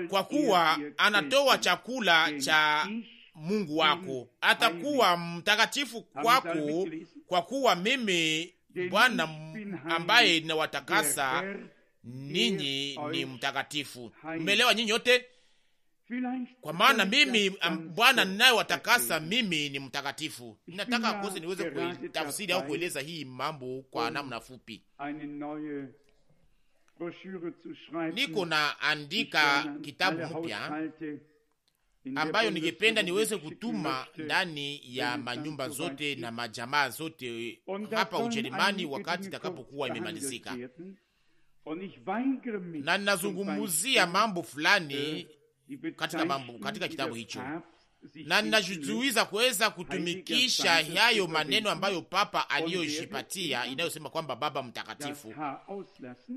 kwa kuwa anatoa chakula cha Mungu wako. Atakuwa mtakatifu kwako, kwa kuwa mimi Bwana ambaye ninawatakasa ninyi ni mtakatifu. Mmeelewa nyinyi yote? Kwa maana mimi Bwana watakasa mimi ni mtakatifu. Ninataka uh, kose niweze kutafsiri au kueleza hii mambo kwa namna fupi. Niko naandika kitabu mpya ambayo ningependa niweze kutuma ndani ya manyumba zote na majamaa zote hapa Ujerumani wakati itakapokuwa imemalizika na ninazungumuzia mambo fulani eh, katika mambo, katika kitabu hicho, na ninajizuiza kuweza kutumikisha hayo maneno ambayo Papa aliyojipatia inayosema kwamba Baba Mtakatifu.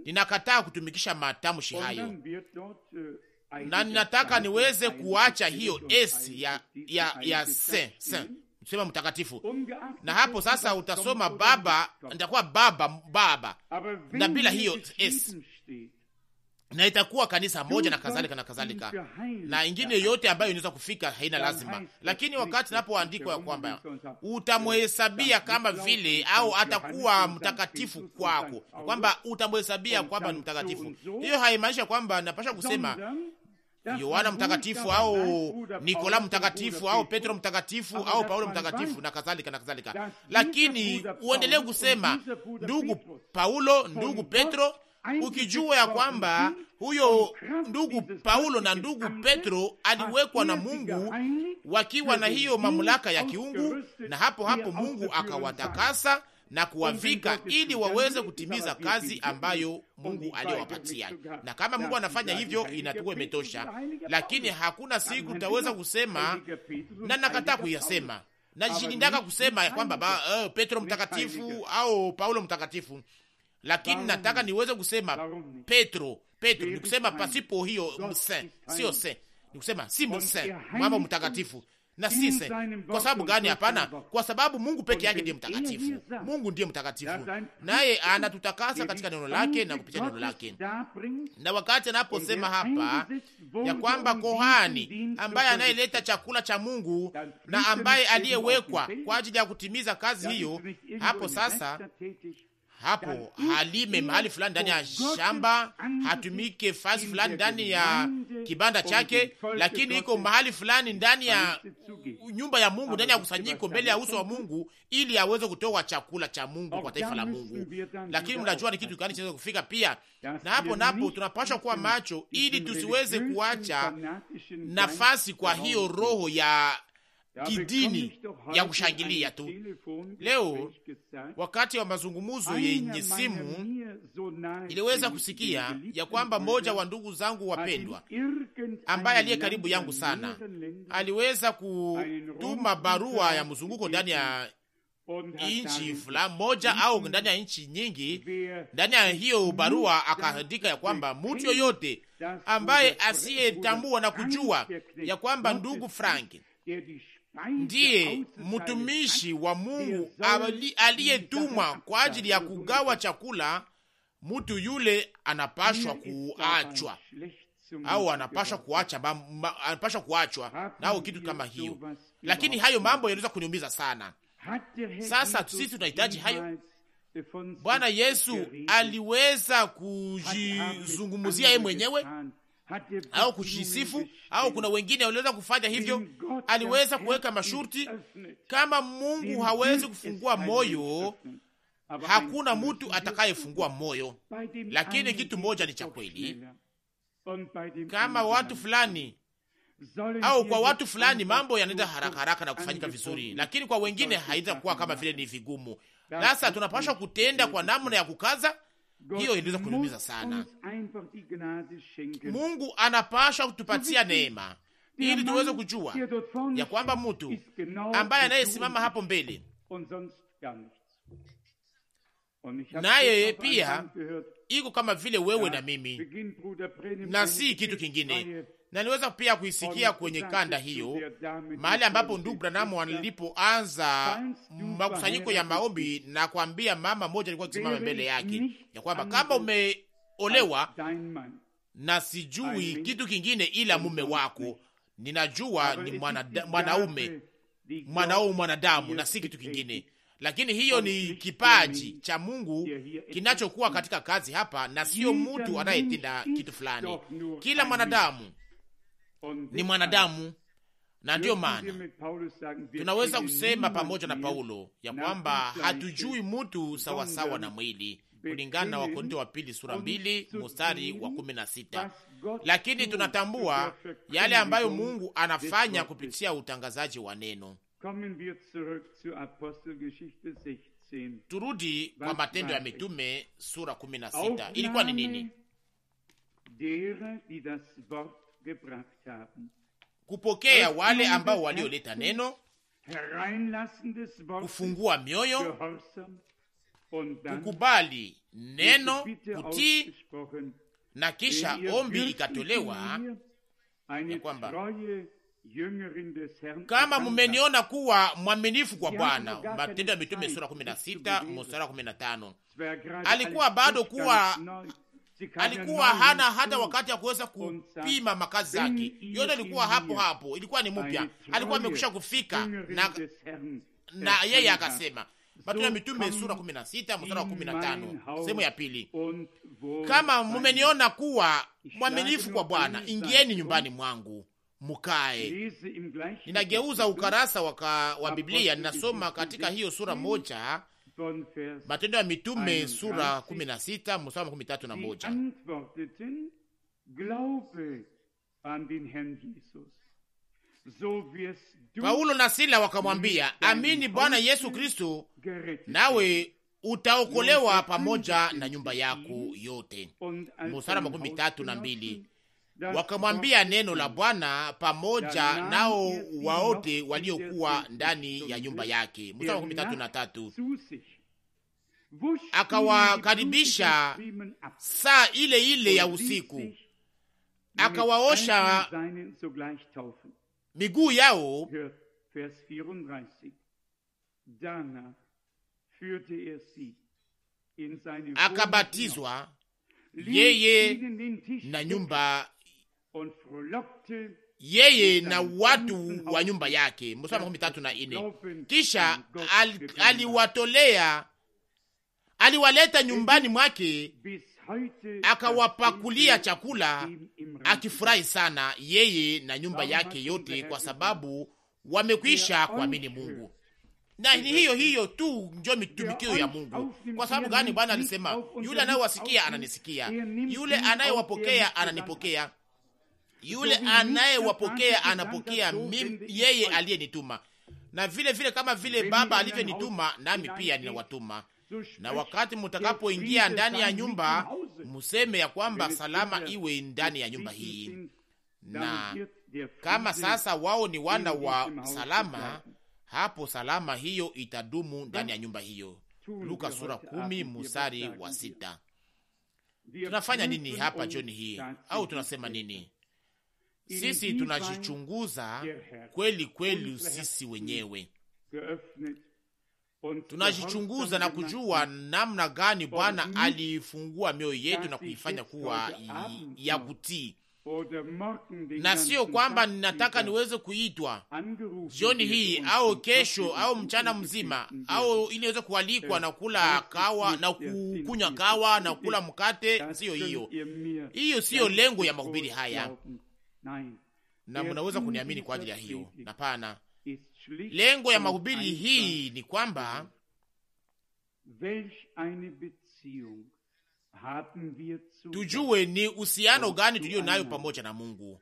Ninakataa kutumikisha matamshi hayo uh, na ninataka niweze kuacha hiyo s ya, ya, ya se, se sema mtakatifu. Na hapo sasa utasoma baba, nitakuwa baba baba, na bila hiyo s na itakuwa kanisa moja na kadhalika na kadhalika, na ingine yote ambayo inaweza kufika haina lazima. Lakini wakati napoandikwa ya kwamba utamhesabia kama vile au atakuwa mtakatifu kwako, kwamba utamhesabia kwamba ni mtakatifu, hiyo haimaanisha kwamba napasha kusema Yohana mtakatifu au Nikola mtakatifu au Petro mtakatifu au Paulo mtakatifu na kadhalika na kadhalika, lakini uendelee kusema ndugu Paulo, ndugu Petro, ukijua ya kwamba huyo ndugu Paulo na ndugu Petro aliwekwa na Mungu wakiwa na hiyo mamlaka ya kiungu, na hapo hapo Mungu akawatakasa na kuwavika ili waweze kutimiza kazi ambayo Mungu aliyowapatia. Na kama Mungu anafanya hivyo, inatukuwa imetosha. Lakini hakuna siku tutaweza kusema na nakataa kuyasema najishindaka kusema kwamba uh, Petro mtakatifu au Paulo mtakatifu, lakini nataka niweze kusema Petro, Petro nikusema pasipo hiyo mse, sio se, nikusema si mse, mambo mtakatifu na sisi. Kwa sababu gani? Hapana, kwa sababu Mungu peke yake ndiye mtakatifu. Mungu ndiye mtakatifu, naye anatutakasa katika neno lake na kupitia neno lake. Na wakati anaposema hapa ya kwamba kohani ambaye anayeleta chakula cha Mungu na ambaye aliyewekwa kwa ajili ya kutimiza kazi hiyo, hapo sasa hapo halime mahali fulani ndani ya shamba, hatumike fasi fulani ndani ya kibanda chake, lakini iko mahali fulani ndani ya nyumba ya Mungu, ndani ya kusanyiko, mbele ya uso wa Mungu, ili aweze kutoa chakula cha Mungu kwa taifa la Mungu. Lakini mnajua ni kitu gani chinaweza kufika pia, na hapo napo tunapashwa kuwa macho, ili tusiweze kuacha nafasi kwa hiyo roho ya kidini ya kushangilia tu. Leo wakati wa mazungumzo yenye simu iliweza kusikia ya kwamba mmoja wa ndugu zangu wapendwa, ambaye aliye karibu yangu sana, aliweza kutuma barua ya mzunguko ndani ya nchi fulani moja au ndani ya nchi nyingi. Ndani ya hiyo barua akaandika ya kwamba mtu yoyote ambaye asiyetambua na kujua ya kwamba ndugu Frank ndiye mtumishi wa Mungu aliyetumwa kwa ajili ya kugawa chakula. Mtu yule anapashwa kuachwa au anapashwa kuacha, anapashwa kuachwa nao kitu kama hiyo, lakini hayo mambo yanaweza kuniumiza sana. Sasa sisi tunahitaji hayo. Bwana Yesu aliweza kujizungumzia yeye mwenyewe au kujisifu au kuna wengine waliweza kufanya hivyo. Aliweza kuweka masharti. Kama Mungu hawezi kufungua moyo, hakuna mtu atakayefungua moyo. Lakini kitu moja ni cha kweli, kama watu fulani au kwa watu fulani mambo yanaenda haraka haraka na kufanyika vizuri, lakini kwa wengine haitakuwa kama vile, ni vigumu. Sasa tunapaswa kutenda kwa namna ya kukaza hiyo iliweza kuniumiza sana. Mungu anapasha kutupatia neema ili tuweze kujua ya kwamba mtu ambaye anayesimama hapo mbele naye pia iko kama vile wewe uh, na mimi na si kitu kingine na niweza pia kuisikia kwenye kanda hiyo, mahali ambapo ndugu Branamu alipoanza makusanyiko ya maombi na kuambia mama moja alikuwa akisimama mbele yake ya kwamba kama umeolewa na sijui kitu kingine ila mume wako, ninajua ni mwanaume mwanaume mwanadamu na si kitu kingine lakini hiyo ni kipaji cha Mungu kinachokuwa katika kazi hapa, na sio mtu anayetenda kitu fulani. Kila mwanadamu ni mwanadamu, na ndiyo maana tunaweza kusema pamoja na Paulo ya kwamba hatujui mutu sawasawa na mwili kulingana na Wakorinto wa pili sura mbili mustari wa kumi na sita lakini tunatambua yale ambayo Mungu anafanya kupitia utangazaji wa neno. Turudi kwa Matendo ya Mitume sura kumi na sita ilikuwa ni nini? kupokea wale ambao walioleta neno, kufungua mioyo, kukubali neno, kutii, na kisha ombi likatolewa ya kwamba kama mumeniona kuwa mwaminifu kwa Bwana, Matendo ya Mitume sura 16 mstari 15. Alikuwa bado kuwa alikuwa hana hata wakati ya kuweza kupima makazi yake yote, alikuwa hapo hapo, ilikuwa ni mpya, alikuwa amekwisha kufika na, na yeye akasema Matendo ya Mitume sura 16 mstari wa 15 sehemu ya pili, kama mumeniona kuwa mwaminifu kwa Bwana, ingieni nyumbani mwangu mukae. Ninageuza ukarasa wa Biblia, ninasoma katika hiyo sura moja Matendo ya Mitume sura 16 na sita mstari makumi tatu na moja Paulo na Sila wakamwambia, amini Bwana Yesu Kristo nawe utaokolewa pamoja na nyumba yako yote. Mstari makumi tatu na mbili wakamwambia neno la mm. Bwana pamoja nao waote waliokuwa ndani ya nyumba yake. Mstari tatu na tatu akawakaribisha saa ile ile ya usiku, akawaosha miguu yao er akabatizwa yeye na nyumba yeye na watu wa nyumba yake. Mstari makumi tatu na ine kisha al, aliwatolea aliwaleta nyumbani mwake akawapakulia chakula akifurahi sana, yeye na nyumba yake yote, kwa sababu wamekwisha kuamini Mungu. Na ni hiyo hiyo tu njo mitumikio ya Mungu. Kwa sababu gani? Bwana alisema yule anayewasikia ananisikia, yule anayewapokea ananipokea yule anayewapokea anapokea mim, yeye aliyenituma, na vile vile kama vile Baba alivyonituma nami pia ninawatuma. Na wakati mutakapoingia ndani ya nyumba, museme ya kwamba salama iwe ndani ya nyumba hii. Na kama sasa wao ni wana wa salama, hapo salama hiyo itadumu ndani ya nyumba hiyo. Luka sura kumi musari wa sita. Tunafanya nini hapa jioni hii, au tunasema nini? sisi tunajichunguza kweli kweli sisi wenyewe, tunajichunguza na kujua namna gani Bwana alifungua mioyo yetu na kuifanya kuwa ya kutii na sio kwamba ninataka niweze kuitwa jioni hii au kesho au mchana mzima au ili niweze kualikwa na kula kawa na kukunywa kawa na kula mkate. Siyo hiyo, hiyo siyo lengo ya mahubiri haya na mnaweza kuniamini kwa ajili ya hiyo. Hapana, lengo ya mahubiri hii ni kwamba tujue ni uhusiano gani tulio nayo pamoja na Mungu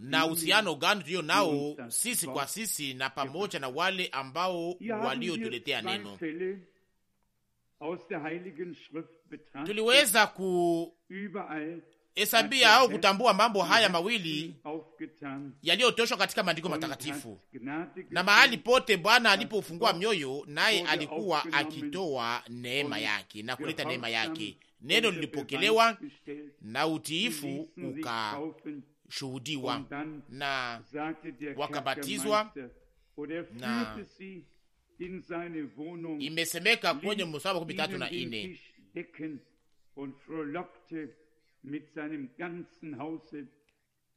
na uhusiano gani tulio nao sisi kwa sisi na pamoja na wale ambao waliotuletea neno. Tuliweza ku hesabia au kutambua mambo haya mawili yaliyotoshwa katika maandiko matakatifu, na mahali pote Bwana alipofungua mioyo, naye alikuwa akitoa neema yake na kuleta neema yake. Neno lilipokelewa na utiifu ukashuhudiwa, na wakabatizwa na imesemeka kwenye mstari wa kumi na tatu na nne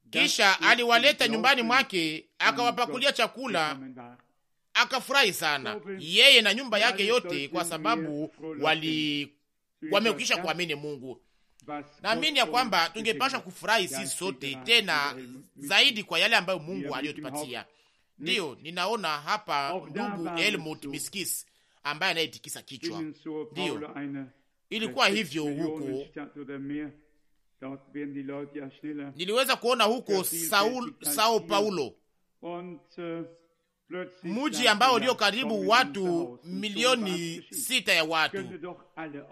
kisha aliwaleta nyumbani mwake, akawapakulia chakula, akafurahi sana yeye na nyumba yake yote, kwa sababu wali wamekwisha kuamini Mungu. Naamini ya kwamba tungepasha kufurahi sisi sote, tena zaidi kwa yale ambayo Mungu aliyotupatia. Ndiyo, ninaona hapa ndugu Helmut Miskis ambaye anayetikisa kichwa. Ndiyo, ilikuwa hivyo huko Niliweza kuona huko Saul, Sao Paulo, äh, muji ambao ulio karibu watu milioni sita ya watu,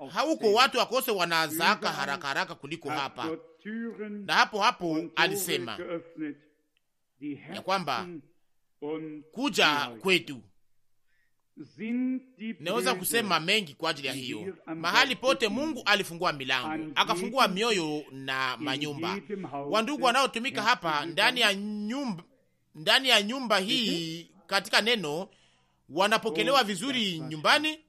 hauko watu wakose wanazaka haraka haraka kuliko hapa. Na hapo hapo alisema ya kwamba kuja kwetu Naweza kusema mengi kwa ajili ya hiyo. Mahali pote Mungu alifungua milango, akafungua mioyo na manyumba. Wandugu wanaotumika hapa ndani ya nyumba, ndani ya nyumba hii katika neno wanapokelewa oh, vizuri nyumbani,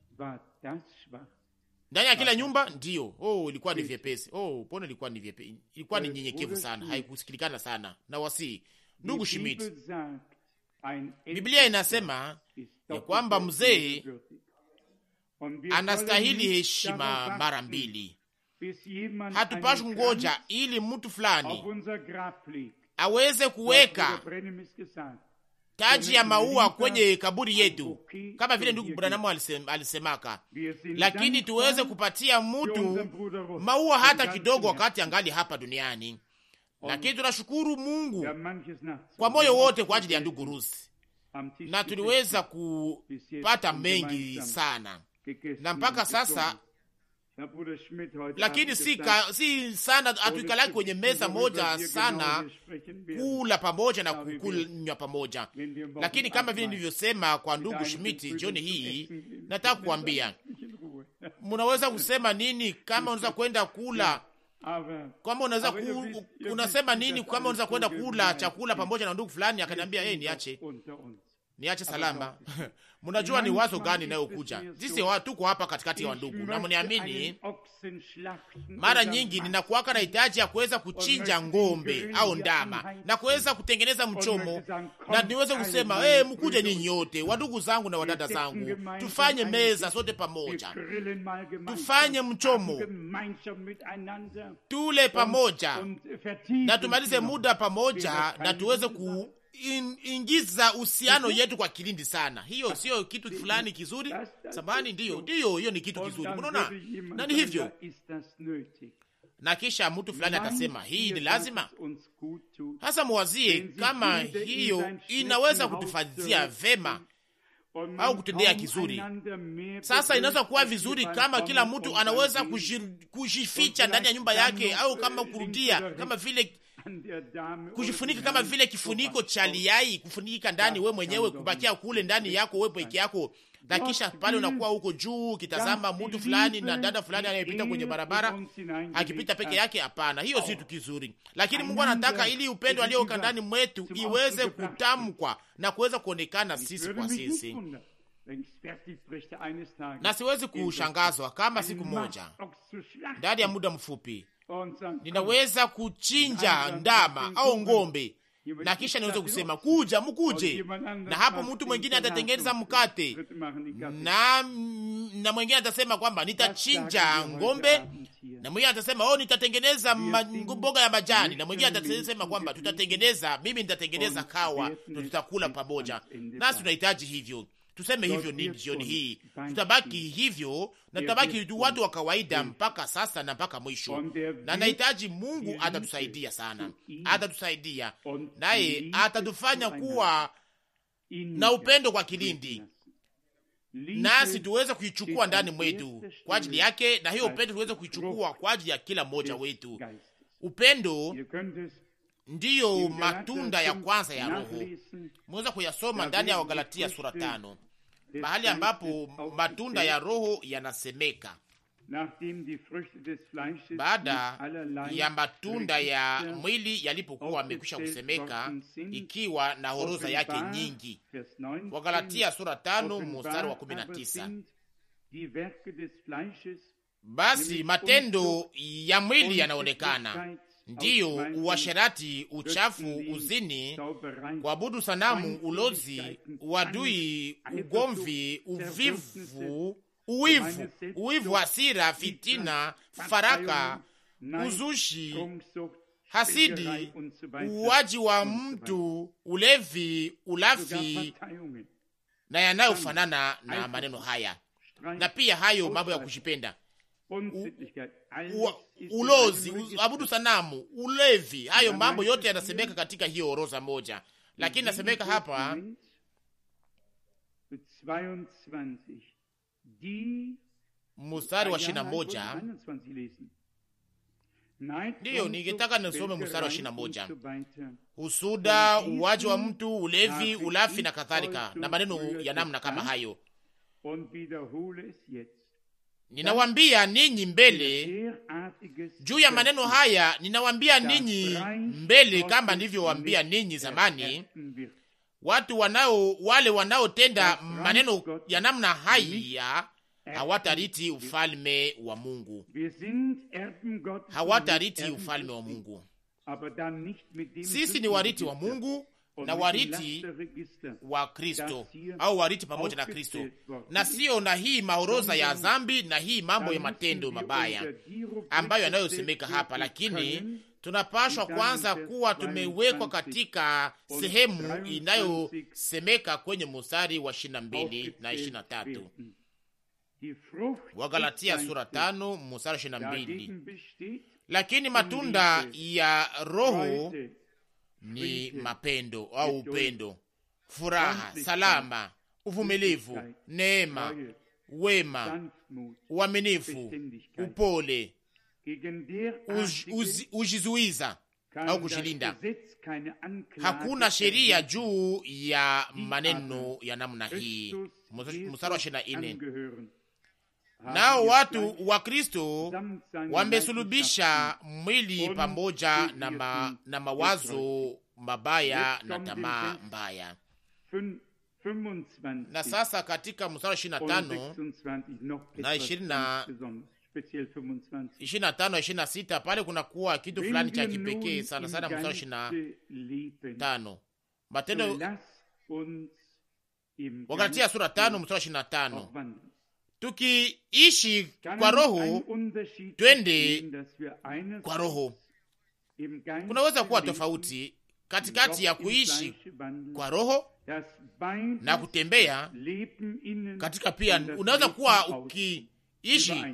ndani ya kila nyumba. Ndiyo, oh, ilikuwa ni vyepesi. Oh, pona ilikuwa ni vyepesi, ilikuwa ni eh, nyenyekevu sana, haikusikilikana sana na wasi Ndugu Schmidt, Biblia inasema ya kwamba mzee anastahili heshima mara mbili. Hatupashi kungoja ili mtu fulani aweze kuweka taji ya maua kwenye kaburi yetu, kama vile ndugu Branamu alisemaka, lakini tuweze kupatia mtu maua hata kidogo, wakati angali hapa duniani. Lakini tunashukuru Mungu kwa moyo wote kwa ajili ya ndugu Rusi na tuliweza kupata mengi sana na mpaka sasa lakini si, ka, si sana hatuikalaki kwenye meza moja sana kula pamoja na kukunywa pamoja, lakini kama vile nilivyosema kwa ndugu Schmidt jioni hii, nataka kuambia munaweza kusema nini kama unaweza kwenda kula kwamba unaweza ku, unasema nini, kama unaweza kwenda kula chakula pamoja na ndugu fulani, akaniambia yeye niache niache salama. Mnajua ni wazo gani inayokuja. Sisi tuko hapa katikati ya wandugu, na mniamini, mara nyingi ninakuwaka na hitaji ya kuweza kuchinja ng'ombe au ndama na kuweza kutengeneza mchomo, na niweze kusema hey, eh, mkuje nyinyi yote wandugu zangu na wadada zangu, tufanye meza sote pamoja, tufanye mchomo, tule pamoja na tumalize muda pamoja, na tuweze ku in, ingiza uhusiano yetu kwa kilindi sana. Hiyo sio kitu fulani kizuri samani, ndiyo ndiyo, hiyo ni kitu kizuri, mnaona, na ni hivyo. Na kisha mtu fulani atasema hii ni lazima hasa. muwazie kama hiyo inaweza kutufanyia vema au kutendea kizuri. Sasa inaweza kuwa vizuri kama kila mtu anaweza kujificha ndani ya nyumba yake, au kama kurudia kama vile kujifunika kama vile kifuniko cha liai, kufunika ndani we mwenyewe, kubakia kule ndani yako we peke yako, na kisha pale unakuwa huko juu ukitazama mtu fulani na dada fulani anayepita kwenye barabara akipita peke ah. yake. Hapana, hiyo si kitu oh. kizuri, lakini Mungu anataka ili upendo aliyoka ndani mwetu iweze kutamkwa na kuweza kuonekana sisi kwa sisi na siwezi kushangazwa kama siku moja ndani ya muda mfupi ninaweza kuchinja ndama au ng'ombe na kisha niweze kusema kuja mukuje, na hapo mtu mwingine atatengeneza mkate na, na mwingine atasema kwamba nitachinja ng'ombe, na mwingine atasema oh, nitatengeneza mboga ya majani, na mwingine atasema kwamba tutatengeneza, mimi nitatengeneza kawa na tutakula pamoja. Nasi tunahitaji hivyo tuseme hivyo ni jioni hii, tutabaki hivyo na tutabaki watu wa kawaida mpaka sasa na mpaka mwisho, na nahitaji Mungu atatusaidia sana, atatusaidia naye atatufanya kuwa na upendo kwa kilindi nasi tuweze kuichukua ndani mwetu kwa ajili yake, na hiyo upendo tuweze kuichukua kwa ajili ya kila mmoja wetu. Upendo ndiyo matunda ya kwanza ya Roho. Mweza kuyasoma ndani ya Wagalatia sura tano mahali ambapo matunda ya Roho yanasemeka. Baada ya matunda ya mwili yalipokuwa amekwisha kusemeka, ikiwa na horoza yake nyingi. Wagalatia sura tano mstari wa kumi na tisa. Basi matendo ya mwili yanaonekana ndiyo uasherati, uchafu, uzini, kuabudu sanamu, ulozi, uadui, ugomvi, uvivu, uwivu, uwivu, hasira, fitina, faraka, uzushi, hasidi, uwaji wa mtu, ulevi, ulafi na yanayofanana na maneno haya, na pia hayo mambo ya kujipenda ulozi, abudu sanamu, ulevi, hayo mambo yote yanasemeka katika hiyo orodha moja, lakini nasemeka hapa mstari wa ishirini na moja. Ndiyo, ningetaka nisome mstari wa ishirini na moja: husuda, uwaji wa mtu, ulevi, ulafi na kadhalika, na maneno ya namna kama hayo. Ninawambia ninyi mbele juu ya maneno haya, ninawambia ninyi mbele, kama nilivyowambia ninyi zamani, watu wanao wale wanaotenda maneno ya namna haya hawatariti ufalme wa Mungu, hawatariti ufalme wa Mungu. Sisi ni wariti wa Mungu, na wariti wa Kristo au wariti pamoja na Kristo, na siyo na hii maoroza ya dhambi na hii mambo ya matendo mabaya ambayo yanayosemeka hapa, lakini tunapashwa kwanza kuwa tumewekwa katika sehemu inayosemeka kwenye mstari wa ishirini na mbili na ishirini na tatu Wagalatia sura tano mstari ishirini na mbili lakini matunda ya Roho ni mapendo au upendo, furaha, salama, uvumilivu, neema, wema, uaminifu, upole, ujizuiza au kushilinda. Hakuna sheria juu ya maneno ya namna hii. Mstari wa ishirini na nne Ah, nao watu wa Kristo wamesulubisha mwili pamoja na, ma, na mawazo mabaya na tamaa mbaya. Na sasa katika mstari ishirini na tano na ishirini na tano ishirini na sita pale kunakuwa kitu fulani cha kipekee sana sana. Mstari ishirini na tano Matendo Wagalatia sura tano mstari ishirini na tano tukiishi kwa roho, twende kwa roho. Kunaweza kuwa tofauti katikati ya kuishi kwa roho na kutembea katika, pia unaweza kuwa ukiishi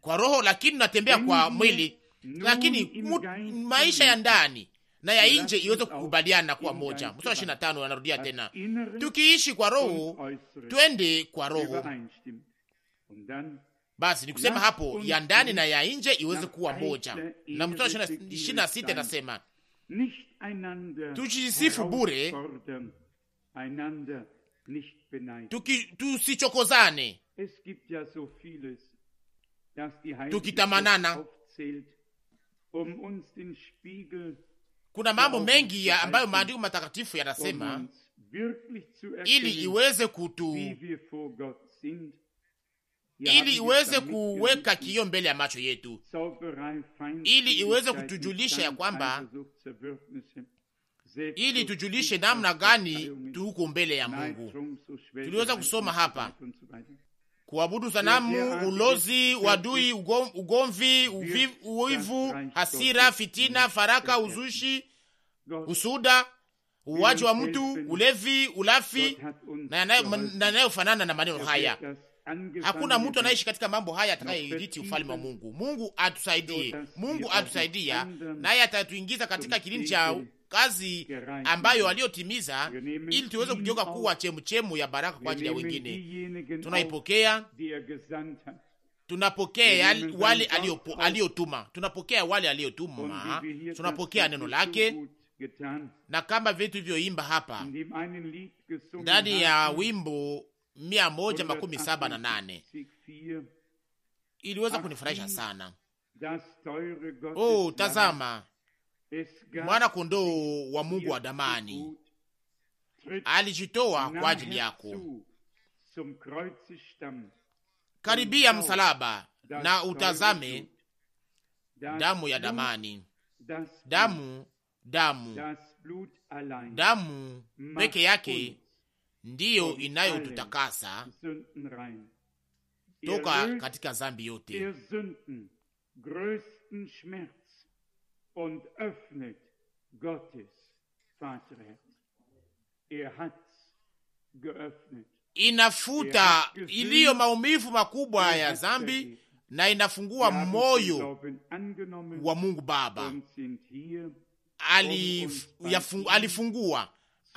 kwa roho lakini unatembea kwa mwili, lakini maisha ya ndani na ya nje iweze kukubaliana kuwa moja. Mstari ishirini na tano anarudia tena, tukiishi kwa roho twende kwa roho basi ni kusema hapo ya ndani na ya nje iweze kuwa moja. Na mstari wa ishirini na sita inasema tujisifu bure, tusichokozane, tukitamanana. Um kuna mambo mengi ya ambayo maandiko matakatifu yanasema um ili iweze kutu ili iweze kuweka kio mbele ya macho yetu, ili iweze kutujulisha ya kwamba, ili tujulishe namna gani tuko mbele ya Mungu. Tuliweza kusoma hapa kuabudu sanamu, ulozi, wadui, ugomvi, uivu, hasira, fitina, faraka, uzushi, usuda, uwaji wa mtu, ulevi, ulafi na yanayofanana na maneno haya. Hakuna mtu anaishi katika mambo haya atakayerithi ufalme wa Mungu. Mungu atusaidie, Mungu atusaidia, naye atatuingiza katika kilindi cha kazi ambayo aliyotimiza, ili tuweze kugeuka kuwa chemuchemu ya baraka kwa ajili ya wengine. Tunaipokea, tunapokea wale aliyotuma, tunapokea wale aliyotuma, tunapokea neno lake na kama vitu hivyoimba hapa ndani ya wimbo mia moja makumi saba na nane iliweza kunifurahisha sana. Oh, tazama mwana kondoo wa Mungu wa damani alijitoa kwa ajili yako. Karibia msalaba na utazame damu ya damani, damu damu damu peke yake ndiyo inayotutakasa toka katika zambi yote er inafuta er iliyo maumivu makubwa ya zambi na inafungua moyo wa Mungu Baba. Um Alif, alifungua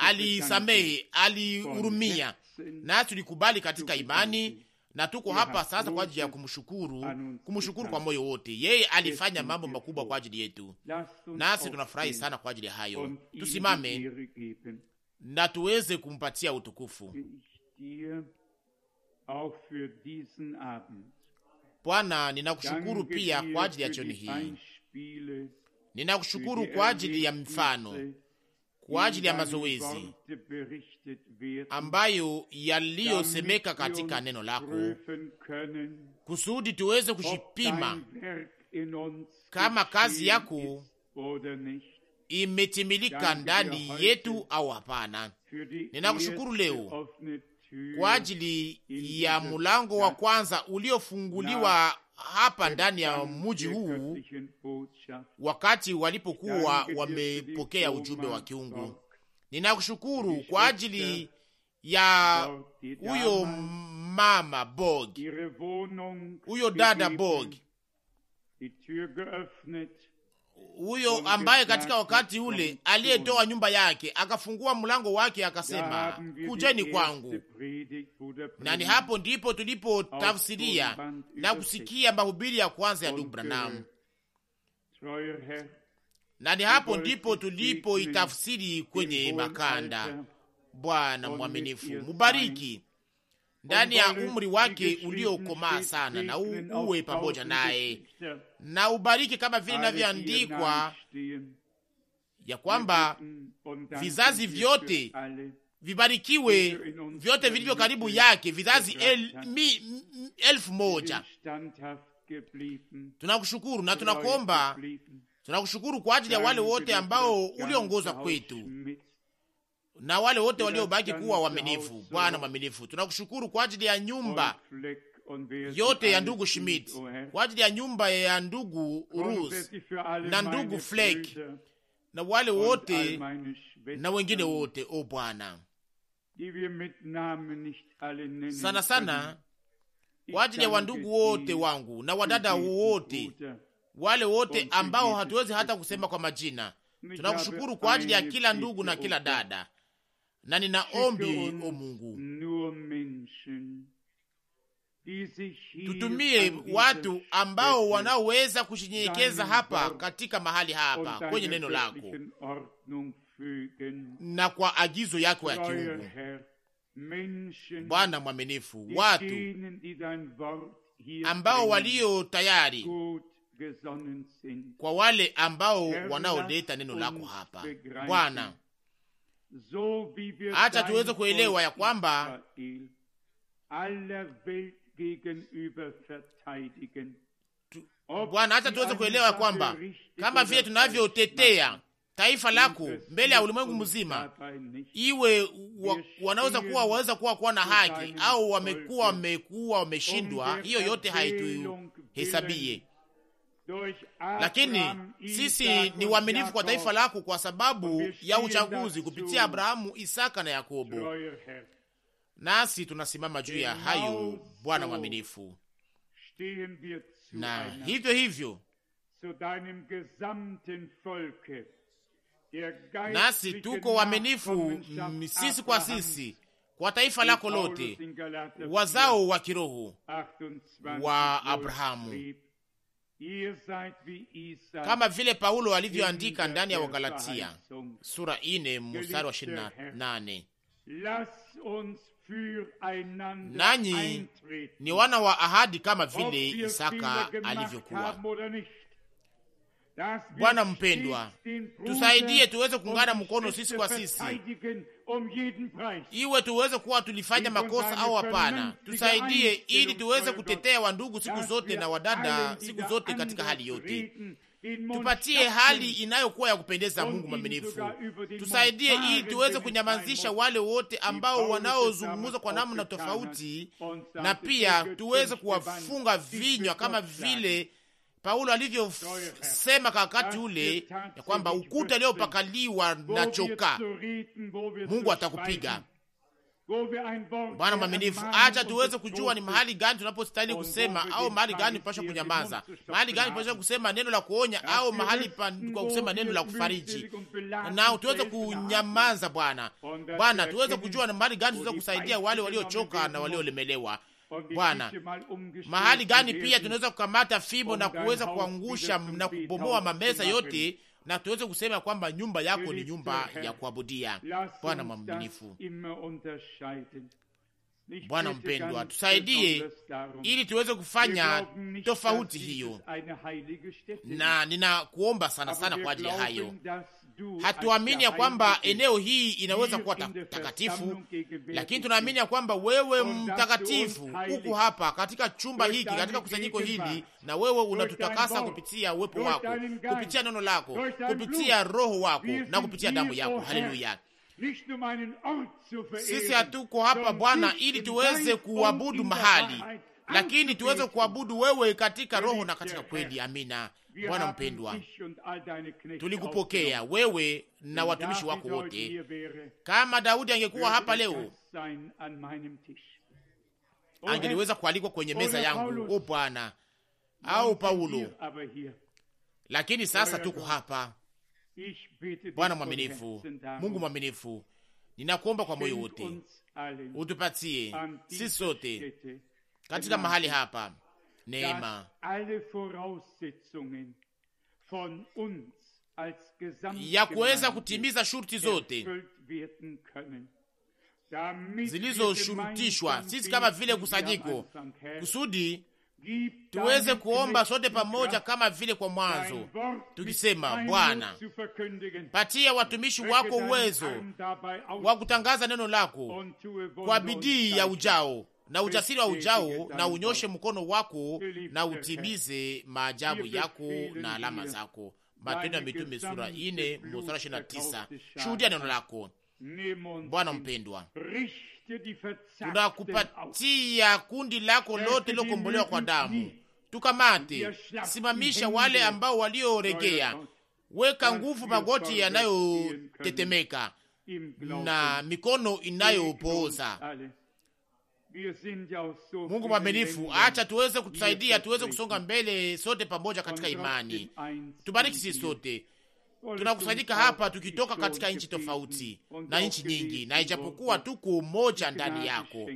alisamehe, alihurumia, nasi tulikubali katika imani na tuko hapa sasa kwa ajili ya kumshukuru, kumshukuru kwa moyo wote. Yeye alifanya mambo makubwa kwa ajili yetu, nasi tunafurahi sana kwa ajili ya hayo. Tusimame na tuweze kumpatia utukufu. Bwana, ninakushukuru pia kwa ajili ya jioni hii, ninakushukuru kwa ajili ya mfano kwa ajili ya mazoezi ambayo yaliyosemeka katika neno lako, kusudi tuweze kushipima kama kazi yako imetimilika ndani yetu au hapana. Ninakushukuru leo kwa ajili ya mulango wa kwanza uliofunguliwa hapa ndani ya mji huu wakati walipokuwa wamepokea ujumbe wa kiungu. Ninakushukuru kwa ajili ya huyo mama Borg, huyo dada Borg huyo ambaye katika wakati ule aliyetoa nyumba yake akafungua mlango wake akasema, kujeni kwangu. Na ni hapo ndipo tulipotafsiria na kusikia mahubiri ya kwanza ya ndugu Branham, na ni hapo ndipo tulipoitafsiri kwenye makanda. Bwana mwaminifu, mubariki ndani ya umri wake uliokomaa sana, na uwe pamoja naye na ubariki, kama vile inavyoandikwa ya kwamba vizazi vyote vibarikiwe, vyote vilivyo karibu yake, vizazi el, mi, elfu moja. Tunakushukuru na tunakuomba, tunakushukuru kwa ajili ya wale wote ambao uliongozwa kwetu na wale wote waliobaki kuwa waaminifu. Bwana mwaminifu, tunakushukuru kwa ajili ya nyumba yote ya ndugu Schmidt, kwa ajili ya nyumba ya ndugu Rus na ndugu Fleck na wale wote na wengine wote, o Bwana, sana sana kwa ajili ya wandugu wote wangu na wadada wote, wale wote ambao hatuwezi hata kusema kwa majina. Tunakushukuru kwa ajili ya kila ndugu na um kila dada na ninaombi o Mungu, tutumie watu ambao wanaoweza kushinyenyekeza hapa katika mahali hapa kwenye neno lako na kwa agizo yako ya kiungu. Bwana mwaminifu, watu ambao walio tayari kwa wale ambao wanaoleta neno lako hapa Bwana hata tuweze kuelewa ya kwamba Bwana, acha tuweze kuelewa ya kwamba kama vile tunavyotetea taifa lako mbele ya ulimwengu mzima, iwe wa, wanaweza kuwa waweza kuwa kuwa na haki au wamekuwa wamekuwa wameshindwa, um hiyo yote haituhesabie lakini sisi ni waaminifu kwa taifa lako kwa sababu ya uchaguzi kupitia Abrahamu, Isaka na Yakobo, nasi tunasimama juu ya hayo, Bwana mwaminifu, na hivyo hivyo nasi tuko waaminifu mm, sisi kwa sisi kwa taifa lako lote, wazao wa kiroho wa Abrahamu kama vile Paulo alivyoandika ndani ya Wagalatia sura ine mstari wa ishirini na nane nanyi ni wana wa ahadi kama vile Isaka alivyokuwa. Bwana mpendwa, tusaidie tuweze kuungana mkono sisi kwa sisi, iwe tuweze kuwa tulifanya makosa au hapana. Tusaidie ili tuweze kutetea wandugu siku zote na wadada siku zote, katika hali yote tupatie hali inayokuwa ya kupendeza Mungu mwaminifu. Tusaidie ili tuweze kunyamazisha wale wote ambao wanaozungumza kwa namna tofauti, na pia tuweze kuwafunga vinywa kama vile Paulo alivyosema wakati ule ya kwamba ukuta aliyopakaliwa na choka, Mungu atakupiga. Bwana mwaminifu, acha tuweze kujua ni mahali gani tunapostahili kusema au mahali gani pasha kunyamaza, mahali gani pasha kusema neno la kuonya au mahali pa kusema neno la kufariji, na tuweze kunyamaza. Bwana Bwana, tuweze kujua ni mahali gani tuweze kusaidia wale waliochoka na waliolemelewa Bwana, mahali gani pia tunaweza kukamata fimbo na kuweza kuangusha na kubomoa mameza yote na tuweze kusema kwamba nyumba yako ni nyumba ya kuabudia. Bwana mwaminifu, Bwana mpendwa, tusaidie ili tuweze kufanya tofauti hiyo, na ninakuomba sana sana kwa ajili ya hayo. Hatuamini ya kwamba eneo hii inaweza kuwa takatifu, lakini tunaamini ya kwamba wewe mtakatifu huku hapa katika chumba hiki, katika kusanyiko hili, na wewe unatutakasa kupitia uwepo wako, kupitia neno lako, kupitia roho wako na kupitia damu yako. Oh Haleluya! Sisi hatuko hapa Bwana ili tuweze kuabudu mahali, lakini tuweze kuabudu wewe katika roho na katika kweli. Amina. Bwana mpendwa, tulikupokea wewe na watumishi wako wote. Kama Daudi angekuwa hapa leo, angeliweza kualikwa kwenye meza yangu, o oh, Bwana au Paulo, lakini sasa tuko hapa Bwana mwaminifu, Mungu mwaminifu, ninakuomba kwa moyo wote utupatie sisi sote katika mahali hapa neema ya kuweza kutimiza shurti zote zilizoshurutishwa sisi kama vile kusanyiko, kusudi tuweze kuomba sote pamoja kama vile kwa mwanzo tukisema, Bwana, patia watumishi wako uwezo wa kutangaza neno lako kwa bidii ya ujao na ujasiri wa ujao, na unyoshe mkono wako na utimize maajabu yako na alama zako. Matendo ya Mitume sura 4 mstari 29, Shuhudia neno lako Bwana mpendwa, tunakupatia kundi lako lote lilokombolewa kwa damu. Tukamate, simamisha wale ambao walioregea, weka nguvu magoti yanayotetemeka na mikono inayopooza. Mungu mwaminifu, acha tuweze kutusaidia, tuweze kusonga mbele sote pamoja katika imani. Tubariki sisi sote tunakusanyika hapa tukitoka katika nchi tofauti na nchi nyingi, na ijapokuwa tuko moja ndani yako,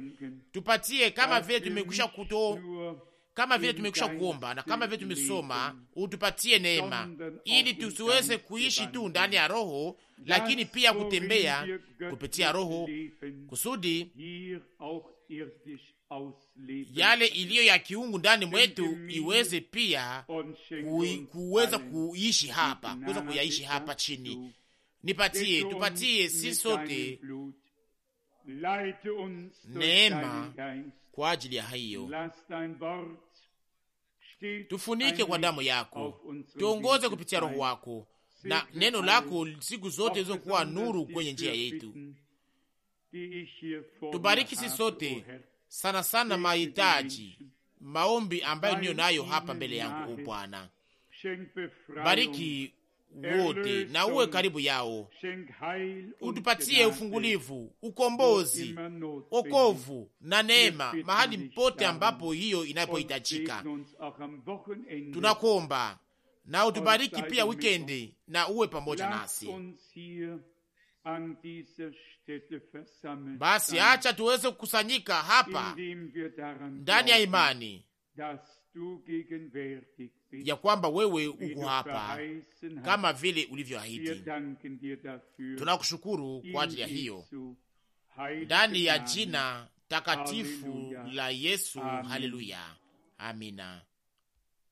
tupatie kama vile tumekwisha kuto kama vile tumekwisha kuomba na kama vile tumesoma, utupatie neema ili tusiweze kuishi tu ndani ya roho, lakini pia kutembea kupitia roho kusudi yale iliyo ya kiungu ndani mwetu iweze pia kuweza kuishi hapa, kuweza kuyaishi hapa chini. Nipatie, tupatie si sote neema kwa ajili ya hiyo. Tufunike kwa damu yako, tuongoze kupitia Roho wako na neno lako siku zote lizokuwa nuru kwenye njia yetu. Tubariki sisi sote sana sana mahitaji maombi ambayo niyo nayo hapa mbele yangu. U oh Bwana, bariki wote na uwe karibu yao, utupatie ufungulivu, ukombozi, okovu na neema mahali pote ambapo hiyo inapohitajika. Tunakuomba na utubariki pia wikendi, na uwe pamoja nasi basi acha tuweze kukusanyika hapa ndani ya imani ya kwamba wewe uko hapa kama vile ulivyoahidi. Tunakushukuru kwa ajili ya hiyo, ndani ya jina takatifu la Yesu. Haleluya, amina.